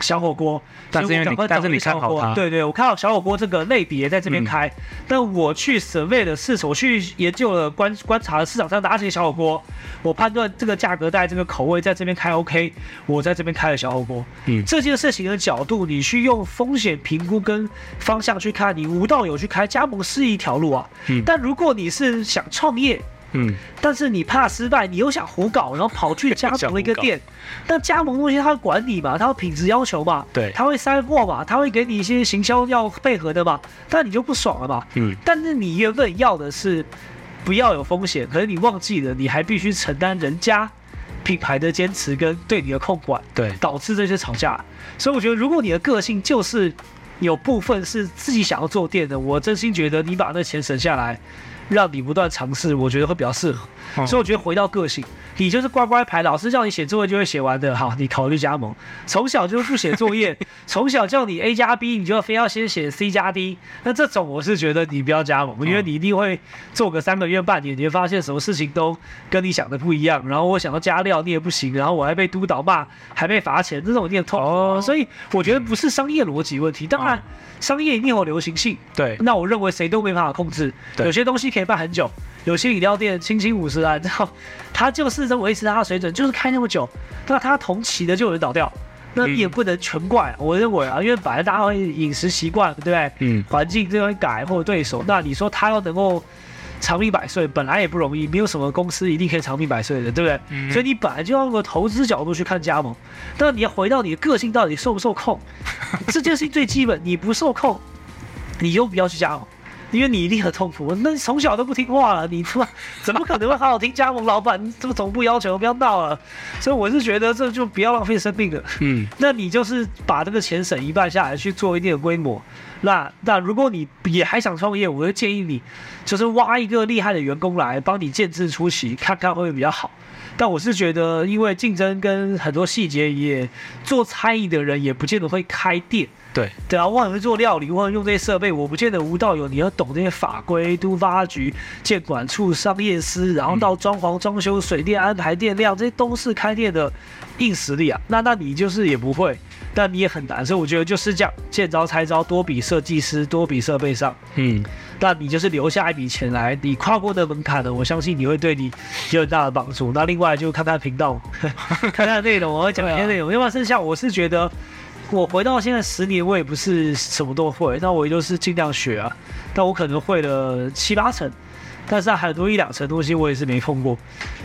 小火鍋，但是因為你，但是你看好它。對對，我看到小火鍋這個類別在這邊開。嗯、但我去所謂的市場，我去研究了觀觀察了市場上哪些小火鍋，我判斷這個價格帶、這個口味在這邊開 OK，我在這邊開了小火鍋。嗯，這件事情的角度，你去用風險評估跟方向去看，你無道友去開加盟是一條路啊。嗯，但如果你是想創業。嗯，但是你怕失敗，你又想胡搞，然後跑去加盟一個店， (laughs) 胡搞 但加盟東西他會管你嘛，他會品質要求嘛，對，他會塞貨嘛，他會給你一些行銷要配合的嘛，那你就不爽了嘛。嗯，但是你原本要的是不要有風險，可是你忘記了你還必須承擔人家品牌的堅持跟對你的控管，對，導致這些吵架。所以我覺得如果你的個性就是有部分是自己想要做店的，我真心覺得你把那錢省下來。讓你不斷嘗試，我覺得會比較適合。哦、所以我覺得回到個性，你就是乖乖牌，老師叫你寫作業就會寫完的。好，你考慮加盟。從小就不寫作業，從 (laughs) 小叫你 A 加 B，你就要非要先寫 C 加 D。那這種我是覺得你不要加盟，因為你一定會做個三個月半年，你會發現什麼事情都跟你想的不一樣。然後我想要加料，你也不行。然後我還被督導罵，還被罰錢，這種念頭。哦，所以我覺得不是商業邏輯問題。嗯、當然，嗯、商業一定有流行性。嗯、對，那我認為誰都沒辦法控制，對 有些東西。可以辦很久，有些飲料店輕輕五十啊，然後他就是在維持他的水準，就是開那麼久。那他同期的就有人倒掉，那你也不能全怪。嗯、我認為啊，因為本來大家會飲食習慣，對不對？嗯，環境這邊改或者對手，那你說他要能夠長命百歲，本來也不容易，沒有什麼公司一定可以長命百歲的，對不對？嗯、所以你本來就要用個投資角度去看加盟，但你要回到你的個性到底受不受控， (laughs) 這件事情最基本，你不受控，你就不要去加盟。因為你一定很痛苦，我那從小都不聽話了，你他媽怎麼可能會好好聽加盟老闆這個總部要求？我不要鬧了，所以我是覺得這就不要浪費生命了。嗯，那你就是把這個錢省一半下來去做一定的規模。那那如果你也還想創業，我就建議你，就是挖一個厲害的員工來幫你建制出席，看看會不會比較好。但我是覺得，因為競爭跟很多細節，也做餐飲的人也不見得會開店。對對啊，萬一做料理，萬一用這些設備，我不見得吳道友，你要懂這些法規，都發局、建管處、商業司，然後到裝潢、裝修、水電、安排電量，這些都是開店的硬實力啊。那那你就是也不會。但你也很難，所以我覺得就是這樣，見招拆招，多比設計師，多比設備上。嗯，但你就是留下一筆錢來，你跨過的門檻呢？我相信你會對你有很大的幫助。那另外就看看頻道， (laughs) (laughs) 看看內容，我會講一些內容。另外剩下我是覺得，我回到現在十年，我也不是什麼都會，那我也就是盡量學啊。但我可能會了七八成，但是還有很多一兩成東西，我也是沒碰過。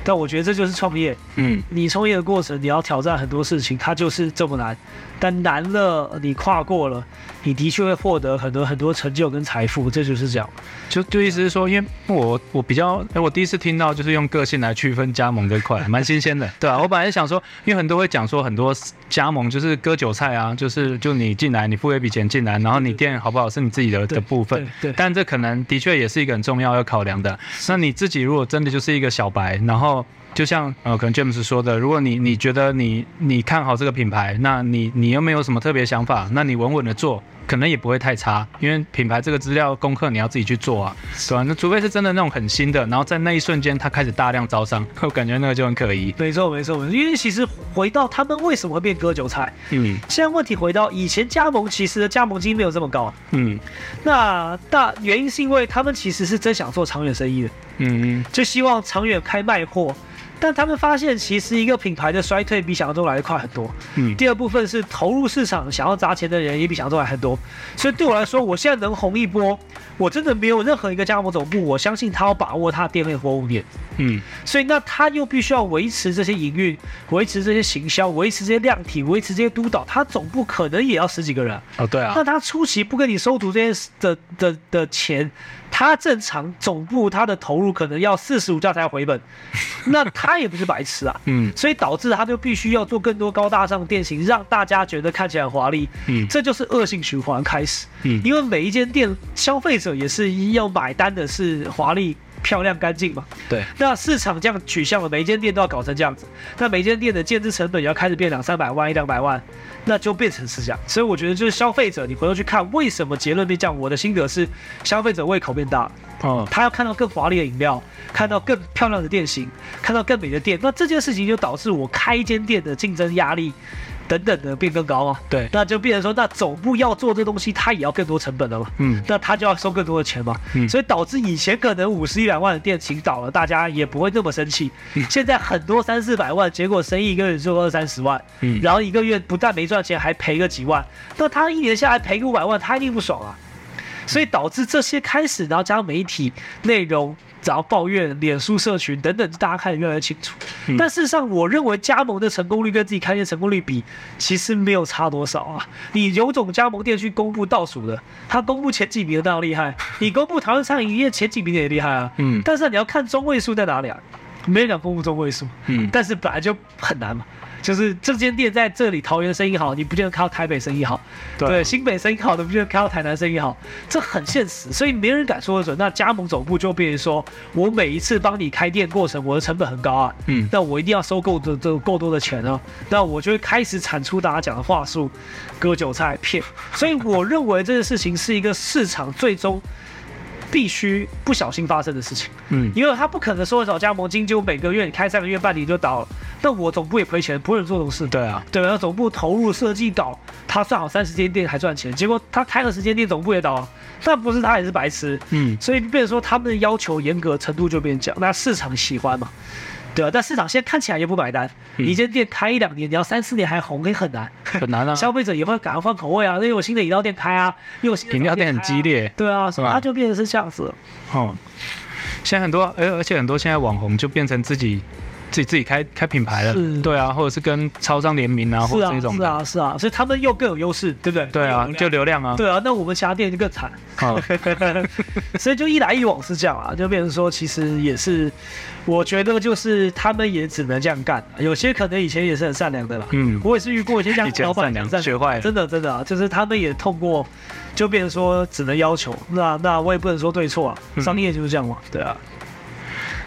但我覺得這就是創業，嗯，你創業的過程，你要挑戰很多事情，它就是這麼難。但難了，你跨過了，你的確會獲得很多很多成就跟財富，這就是這樣。就就意思是說，因為我我比較，我第一次聽到就是用個性來區分加盟這塊，蠻新鮮的， (laughs) 對啊，我本來想說，因為很多會講說很多加盟就是割韭菜啊，就是就你進來你付一筆錢進來，然後你店好不好是你自己的的部分，對，對。但這可能的確也是一個很重要要考量的。那你自己如果真的就是一個小白，然後。就像呃，可能 James 說的，如果你你覺得你你看好這個品牌，那你你又沒有什麼特別想法，那你穩穩的做，可能也不會太差，因為品牌這個資料功課你要自己去做啊，是吧、啊？那除非是真的那種很新的，然後在那一瞬間他開始大量招商，我感覺那個就很可疑。沒錯沒錯，因為其實回到他們為什麼會變割韭菜，嗯，現在問題回到以前加盟，其實的加盟金沒有這麼高啊，嗯，那大原因是因為他們其實是真想做長遠生意的，嗯嗯，就希望長遠開賣貨。但他們發現，其實一個品牌的衰退比想象中來的快很多。嗯，第二部分是投入市場想要砸錢的人也比想象中來很多。所以對我來說，我現在能紅一波，我真的沒有任何一個加盟總部。我相信他要把握他的店面貨物面。嗯，所以那他又必須要維持這些營運，維持這些行銷，維持這些量體，維持這些督導。他總部可能也要十幾個人哦，對啊。那他初期不跟你收足這些的的的、的錢。他正常總部他的投入可能要四十五家才回本，那他也不是白痴啊，嗯，所以導致他就必須要做更多高大上的店型，讓大家覺得看起來華麗，嗯，這就是惡性循環開始，嗯，因為每一間店消費者也是要買單的是華麗。漂亮乾淨嘛？對，那市場這樣取向了，每一間店都要搞成這樣子，那每間店的建置成本也要開始變兩三百萬、一兩百萬，那就變成是這樣。所以我覺得就是消費者，你回頭去看為什麼結論變這樣，我的心得是消費者胃口變大，嗯了，他要看到更華麗的飲料，看到更漂亮的店型，看到更美的店，那這件事情就導致我開一間店的競爭壓力。等等的變更高啊，對，那就變成說，那總部要做這東西，它也要更多成本了嘛，嗯，那它就要收更多的錢嘛，嗯，所以導致以前可能五十一百萬的店請倒了，大家也不會那麼生氣，嗯、現在很多三四百萬，結果生意一個月就二三十萬，嗯，然後一個月不但沒賺錢，還賠個幾萬，那他一年下來賠個五百萬，他一定不爽啊，所以導致這些開始，然後加上媒體內容。只要抱怨臉書社群等等，大家看得越來越清楚。嗯、但事實上，我認為加盟的成功率跟自己開店成功率比，其實沒有差多少啊。你有種加盟店去公布倒數的，他公布前幾名的那厲害；你公布台灣餐飲業前幾名的也厲害啊。嗯、但是你要看中位數在哪裡啊？沒人敢公布中位數。嗯、但是本來就很難嘛。就是這間店在這裡桃園生意好，你不見得開到台北生意好。對、對，新北生意好的不見得開到台南生意好，這很現實，所以沒人敢說得準。那加盟總部就變成說我每一次幫你開店過程，我的成本很高啊，嗯，那我一定要收夠的這夠多的錢呢，啊，那我就會開始產出大家講的話術，割韭菜騙。所以我認為這件事情是一個市場最終。必須不小心發生的事情，嗯，因為他不可能說找加盟金就每個月開三個月半年就倒了，那我總部也賠錢，不會做這種事，對啊，對啊，然後總部投入設計倒他算好三十間店還賺錢，結果他開了十間店，總部也倒了，那不是他也是白痴，嗯，所以變成說他們要求嚴格程度就變強，那市場喜歡嘛。對啊，但市場現在看起來也不買單。嗯、你這店開一兩年，你要三四年還紅，很很難，很難啊。消費者也會趕快換口味啊，因為我新的飲料店開啊，因為新的開、啊、飲料店很激烈。啊對啊，是吧？它就變成是這樣子了。哦、嗯，現在很多、啊，而而且很多現在網紅就變成自己。自己自己開開品牌了。是啊對啊，或者是跟超商聯名啊，或者這種是、啊，是啊是啊，所以他們又更有優勢，對不對？對啊，流量就流量啊。對啊，那我們其他店就更慘。好，oh. (laughs) 所以就一來一往是這樣啊，就變成說，其實也是，我覺得就是他們也只能這樣幹。有些可能以前也是很善良的啦，嗯，我也是遇過一些這樣的老闆，善良，善良學壞了，真的真的啊，就是他們也透過，就變成說只能要求。那那我也不能說對錯啊，嗯、商業就是這樣嘛，對啊。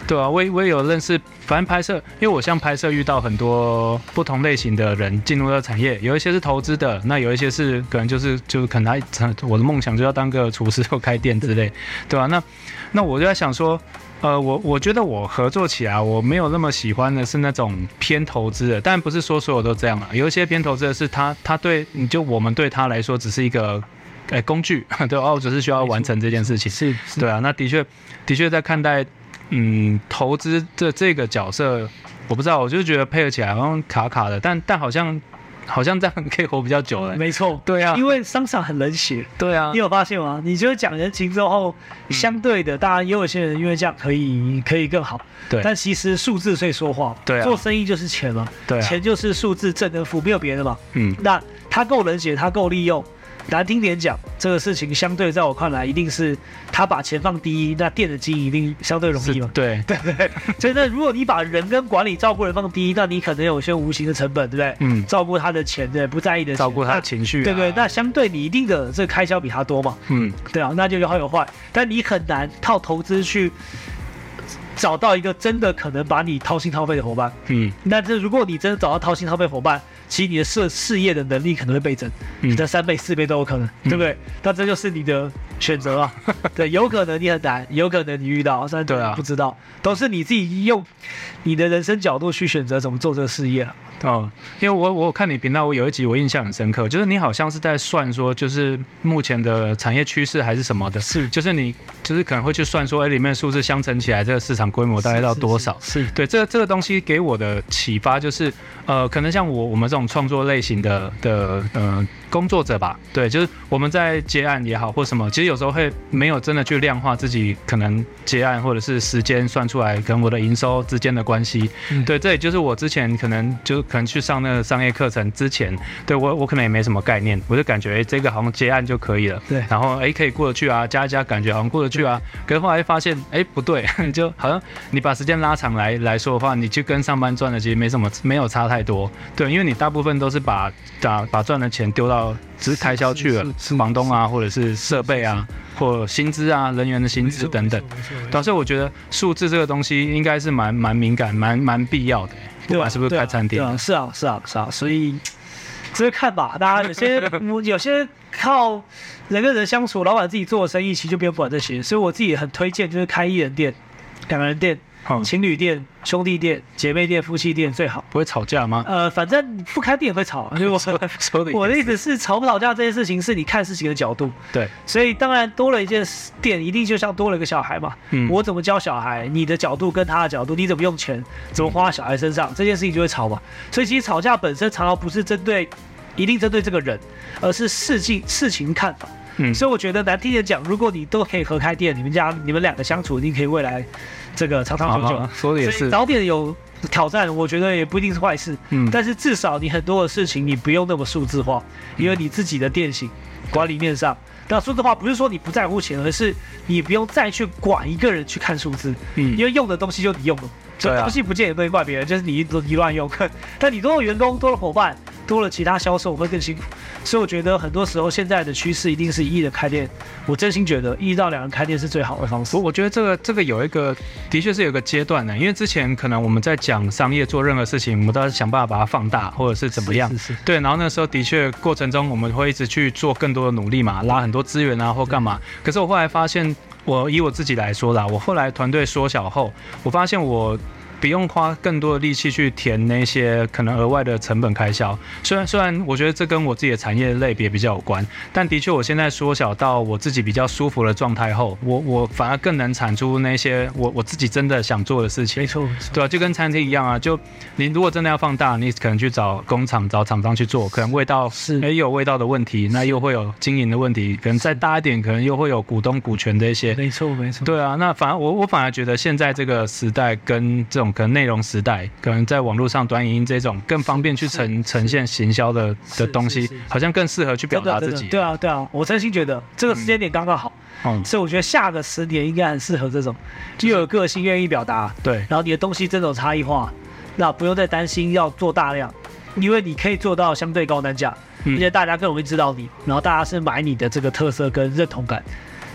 對啊，我我也有認識，反正拍攝，因為我像拍攝遇到很多不同類型的人進入到產業，有一些是投資的，那有一些是可能就是就是可能他我的夢想就要當個廚師或開店之類的，對啊，那那我就在想說，呃，我我覺得我合作起來，我沒有那麼喜歡的是那種偏投資的，但不是說所有都這樣啊，有一些偏投資的是他他對你就我們對他來說只是一個，哎工具，對哦、啊，我只是需要完成這件事情，是，是對啊，那的確的確在看待。嗯，投資的這個角色，我不知道，我就覺得配合起來好像卡卡的，但但好像好像這樣可以活比較久，欸，沒錯錯，對啊，因為商場很冷血，對啊，你有發現嗎？你覺得講人情之後，嗯，相對的，當然也有些人因為這樣可以可以更好，對，但其實數字可以說話，對啊，做生意就是錢嘛，對，啊，錢就是數字，正跟負，沒有別的嘛，嗯，啊，那他夠冷血，他夠利用。難聽點講，這個事情相對在我看來，一定是他把錢放第一，那店的經營一定相對容易嘛？是對，對對對。所以那如果你把人跟管理照顧人放第一，那你可能有一些無形的成本，對不對？嗯。照顧他的錢，對，不在意的。照顧他的情緒、啊。對，對對。那相對你一定的這個開銷比他多嘛？嗯。對啊，那就有好有壞。但你很難靠投資去找到一個真的可能把你掏心掏肺的夥伴。嗯。那這如果你真的找到掏心掏肺夥伴，其實你的事事業的能力可能會倍增，你的三倍四倍都有可能，嗯、對不對？那這就是你的選擇了。 (laughs) 對，有可能你很難，有可能你遇到，但是不知道，啊、都是你自己用你的人生角度去選擇怎麼做這個事業哦，因為我我看你頻道，我有一集我印象很深刻，就是你好像是在算說，就是目前的產業趨勢還是什麼的，是，就是你就是可能會去算說，哎，裡面數字相乘起來這個市場規模大概到多少？是，是，是對，是這個這個東西給我的啟發就是，呃，可能像我我們這種。創作類型的的嗯、呃、工作者吧，對，就是我們在接案也好或什麼，其實有時候會沒有真的去量化自己可能接案或者是時間算出來跟我的營收之間的關係、嗯，對，這也就是我之前可能就可能去上那個商業課程之前，對我我可能也沒什麼概念，我就感覺、欸、這個好像接案就可以了，對，然後哎、欸、可以過得去啊，加一加感覺好像過得去啊，對可是後來發現哎、欸、不對， (laughs) 就好像你把時間拉長來來說的話，你就跟上班賺的其實沒什麼沒有差太多，對，因為你大部分都是把打把賺的錢丟到只是開銷去了，是是是是房東啊，或者是設備啊，或薪資啊，人員的薪資等等。但是、啊、我覺得數字這個東西應該是蠻蠻敏感、蠻蠻必要的、欸，不管是不是開餐店嗯、啊啊啊，是啊，是啊，是啊。所以，這個看吧，大家有些我有些靠人跟人相處，老闆自己做的生意其實就不用不管這些。所以，我自己很推薦就是開一人店、兩個人店。情侶店、兄弟店、姐妹店、夫妻店最好不會吵架嗎？呃，反正不開店會吵。說說的我的意思是，吵不吵架這件事情是你看事情的角度。對，所以當然多了一件事，店，一定就像多了一個小孩嘛。嗯，我怎麼教小孩？你的角度跟他的角度，你怎麼用錢，怎麼花在小孩身上，嗯、這件事情就會吵嘛。所以其實吵架本身，常常不是針對，一定針對這個人，而是事情事情看法。嗯，所以我覺得難聽點講，如果你都可以合開店，你們家你們兩個相處，你可以未來。這個長長久久說點所以是，早點有挑戰，我覺得也不一定是壞事。嗯，但是至少你很多的事情你不用那麼數字化，因為你自己的店型、嗯、管理面上，那數字化不是說你不在乎錢，而是你不用再去管一個人去看數字。嗯，因為用的東西就你用的，嗯、東西不見得能怪別人，就是你一一亂用。但你多了員工，多了夥伴。多了其他銷售我會更辛苦，所以我覺得很多時候現在的趨勢一定是一個的開店。我真心覺得一到兩人開店是最好的方式。我，我覺得這個這個有一個的確是有個階段的欸，因為之前可能我們在講商業做任何事情，我們都要想辦法把它放大或者是怎麼樣。是是是。對，然後那時候的確過程中我們會一直去做更多的努力嘛，拉很多資源啊或幹嘛。可是我後來發現，我以我自己來說啦，我後來團隊縮小後，我發現我。不用花更多的力氣去填那些可能額外的成本開銷。雖然雖然我覺得這跟我自己的產業類別比較有關，但的確我現在縮小到我自己比較舒服的狀態後，我我反而更能產出那些我我自己真的想做的事情。沒錯，對啊，就跟餐廳一樣啊，就你如果真的要放大，你可能去找工廠、找廠商去做，可能味道是沒有味道的問題，那又會有經營的問題。可能再大一點，可能又會有股東股權的一些。沒錯，沒錯。對啊，那反而我我反而覺得現在這個時代跟這種。可能內容時代，可能在網絡上短影音這種更方便去呈呈現行銷的的東西，好像更適合去表達自己。對啊，對啊，我真心覺得這個時間點剛剛好。嗯，所以我覺得下個十年應該很適合這種又有個性、願意表達，對，然後你的東西真的有差異化，那不用再擔心要做大量，因為你可以做到相對高單價，而且大家更容易知道你，然後大家是買你的這個特色跟認同感。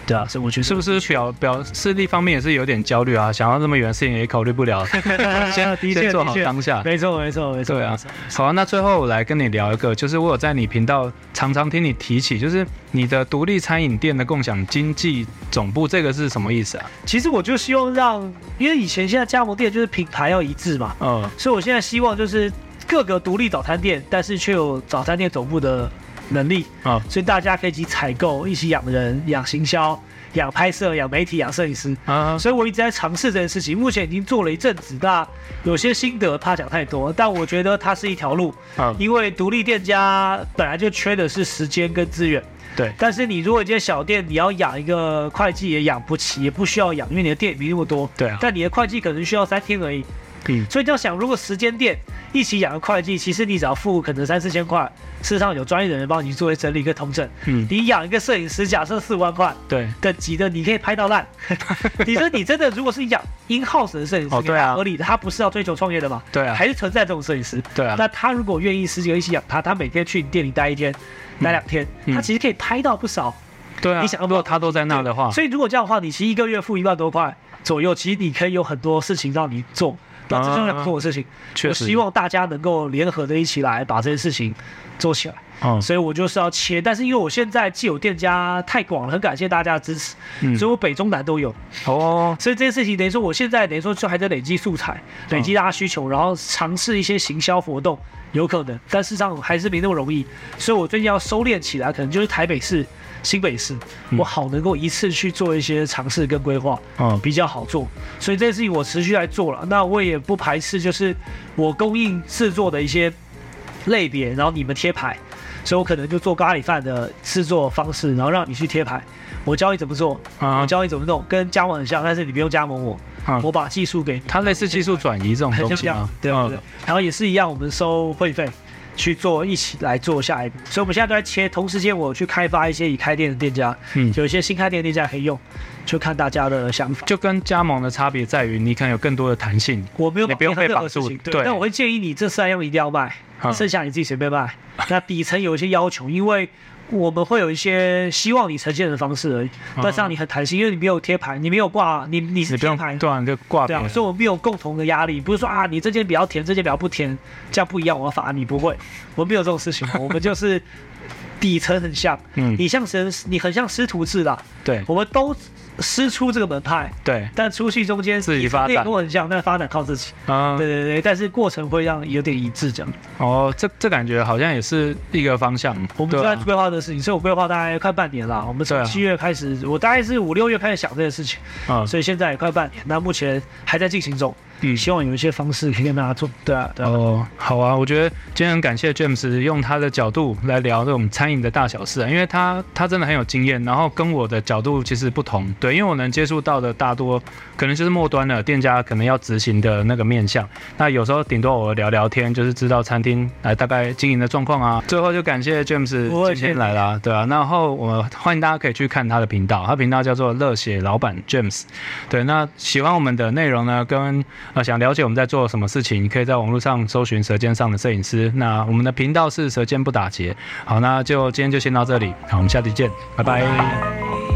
對啊，是我覺得是，是不是表表視力方面也是有點焦慮啊？嗯、想要這麼遠的事情也考慮不了，先先做好當下。沒錯，沒錯，沒錯。對啊，沒錯，對啊，好啊，那最後我來跟你聊一個，就是我有在你頻道常常聽你提起，就是你的獨立餐飲店的共享經濟總部，這個是什麼意思啊？其實我就希望讓，因為以前現在加盟店就是品牌要一致嘛，嗯，所以我現在希望就是各個獨立早餐店，但是卻有早餐店總部的。能力啊，所以大家可以一起採購，一起養人、養行銷、養拍攝、養媒體、養攝影師啊。Uh huh. 所以我一直在嘗試這件事情，目前已經做了一陣子，那有些心得，怕講太多，但我覺得它是一條路啊。Uh huh. 因為獨立店家本來就缺的是時間跟資源，對。但是你如果一間小店，你要養一個會計也養不起，也不需要養，因為你的店也沒那麼多，對啊。但你的會計可能需要三天而已。嗯，所以你要想，如果時間店一起養個會計，其實你只要付可能三四千塊，事實上有專業的人幫你作為整理一個統整。嗯，你養一個攝影師，假設四五萬塊，對，等級的你可以拍到爛。你說你真的，如果是養 in-house 的攝影師，對啊，合理的，他不是要追求創業的嘛？對啊，還是存在這種攝影師。對啊，那他如果願意十幾個一起養他，他每天去你店裡待一天、待兩天，他其實可以拍到不少。對啊，你想要不他都在那的話，所以如果這樣的話，你其實一個月付一萬多塊左右，其實你可以有很多事情讓你做。那這是兩錯的事情，啊啊、我希望大家能夠聯合的一起來把這件事情做起來。啊、所以我就是要切，但是因為我現在既有店家太廣了，很感謝大家的支持，嗯、所以我北中南都有。哦，哦，哦、所以這件事情等於說我現在等於說就還在累積素材，累積大家需求，然後嘗試一些行銷活動，有可能，但事實上還是沒那麼容易。所以我最近要收斂起來，可能就是台北市，新北市，我好能夠一次去做一些嘗試跟規劃嗯，嗯比較好做，所以這件事情我持續在做了。那我也不排斥，就是我供應制作的一些類別，然後你們貼牌，所以我可能就做咖喱飯的制作方式，然後讓你去貼牌，我教你怎麼做啊，嗯、我教你怎麼弄，跟加盟很像，但是你不用加盟我，嗯、我把技術給他，類似技術轉移這種東西啊，對對對？嗯、然後也是一樣，我們收會費。去做，一起來做下一步。所以我們現在都在切，同時間我去開發一些已開店的店家，嗯，有一些新開店的店家可以用，就看大家的想法。就跟加盟的差別在於，你可能有更多的彈性，我沒有，你不用被綁住，對，對，但我會建議你這三樣一定要賣，剩下你自己隨便賣。嗯，那底層有一些要求，因為。我們會有一些希望你呈現的方式而已，但是讓你很彈性，因為你沒有貼牌，你沒有掛，你你是貼牌？對啊，就掛，對啊，所以我們沒有共同的壓力，不是說啊你這件比較甜，這件比較不甜，這樣不一樣玩法，我你不會，我們沒有這種事情，我們就是底層很像，嗯， (laughs) 你像師，你很像師徒制啦，對、嗯，我們都。師出這個門派，對，但出去中間，自己發展，很像，但發展靠自己。啊、嗯，對對對，但是過程會讓有點一致這樣。哦，這這感覺好像也是一個方向。啊、我們在規劃的事情，所以我規劃大概快半年了。我們從七月開始，啊、我大概是五六月開始想這件事情，啊、嗯，所以現在也快半年，那目前還在進行中。嗯，希望有一些方式可以跟大家做，對啊，對哦，啊呃，好啊，我覺得今天很感謝 James 用他的角度來聊這種餐飲的大小事啊，因為他他真的很有經驗，然後跟我的角度其實不同，對，因為我能接觸到的大多可能就是末端的店家可能要執行的那個面向，那有時候頂多我聊聊天，就是知道餐廳來大概經營的狀況啊。最後就感謝 James 今天來啦，對啊，然後我歡迎大家可以去看他的頻道，他頻道叫做熱血老闆 James，對，那喜歡我們的內容呢，跟。那想了解我們在做什麼事情，你可以在網絡上搜尋《舌尖上的攝影師》。那我們的頻道是《舌尖不打結》。好，那就今天就先到這裡。好，我們下期見，拜拜。Okay.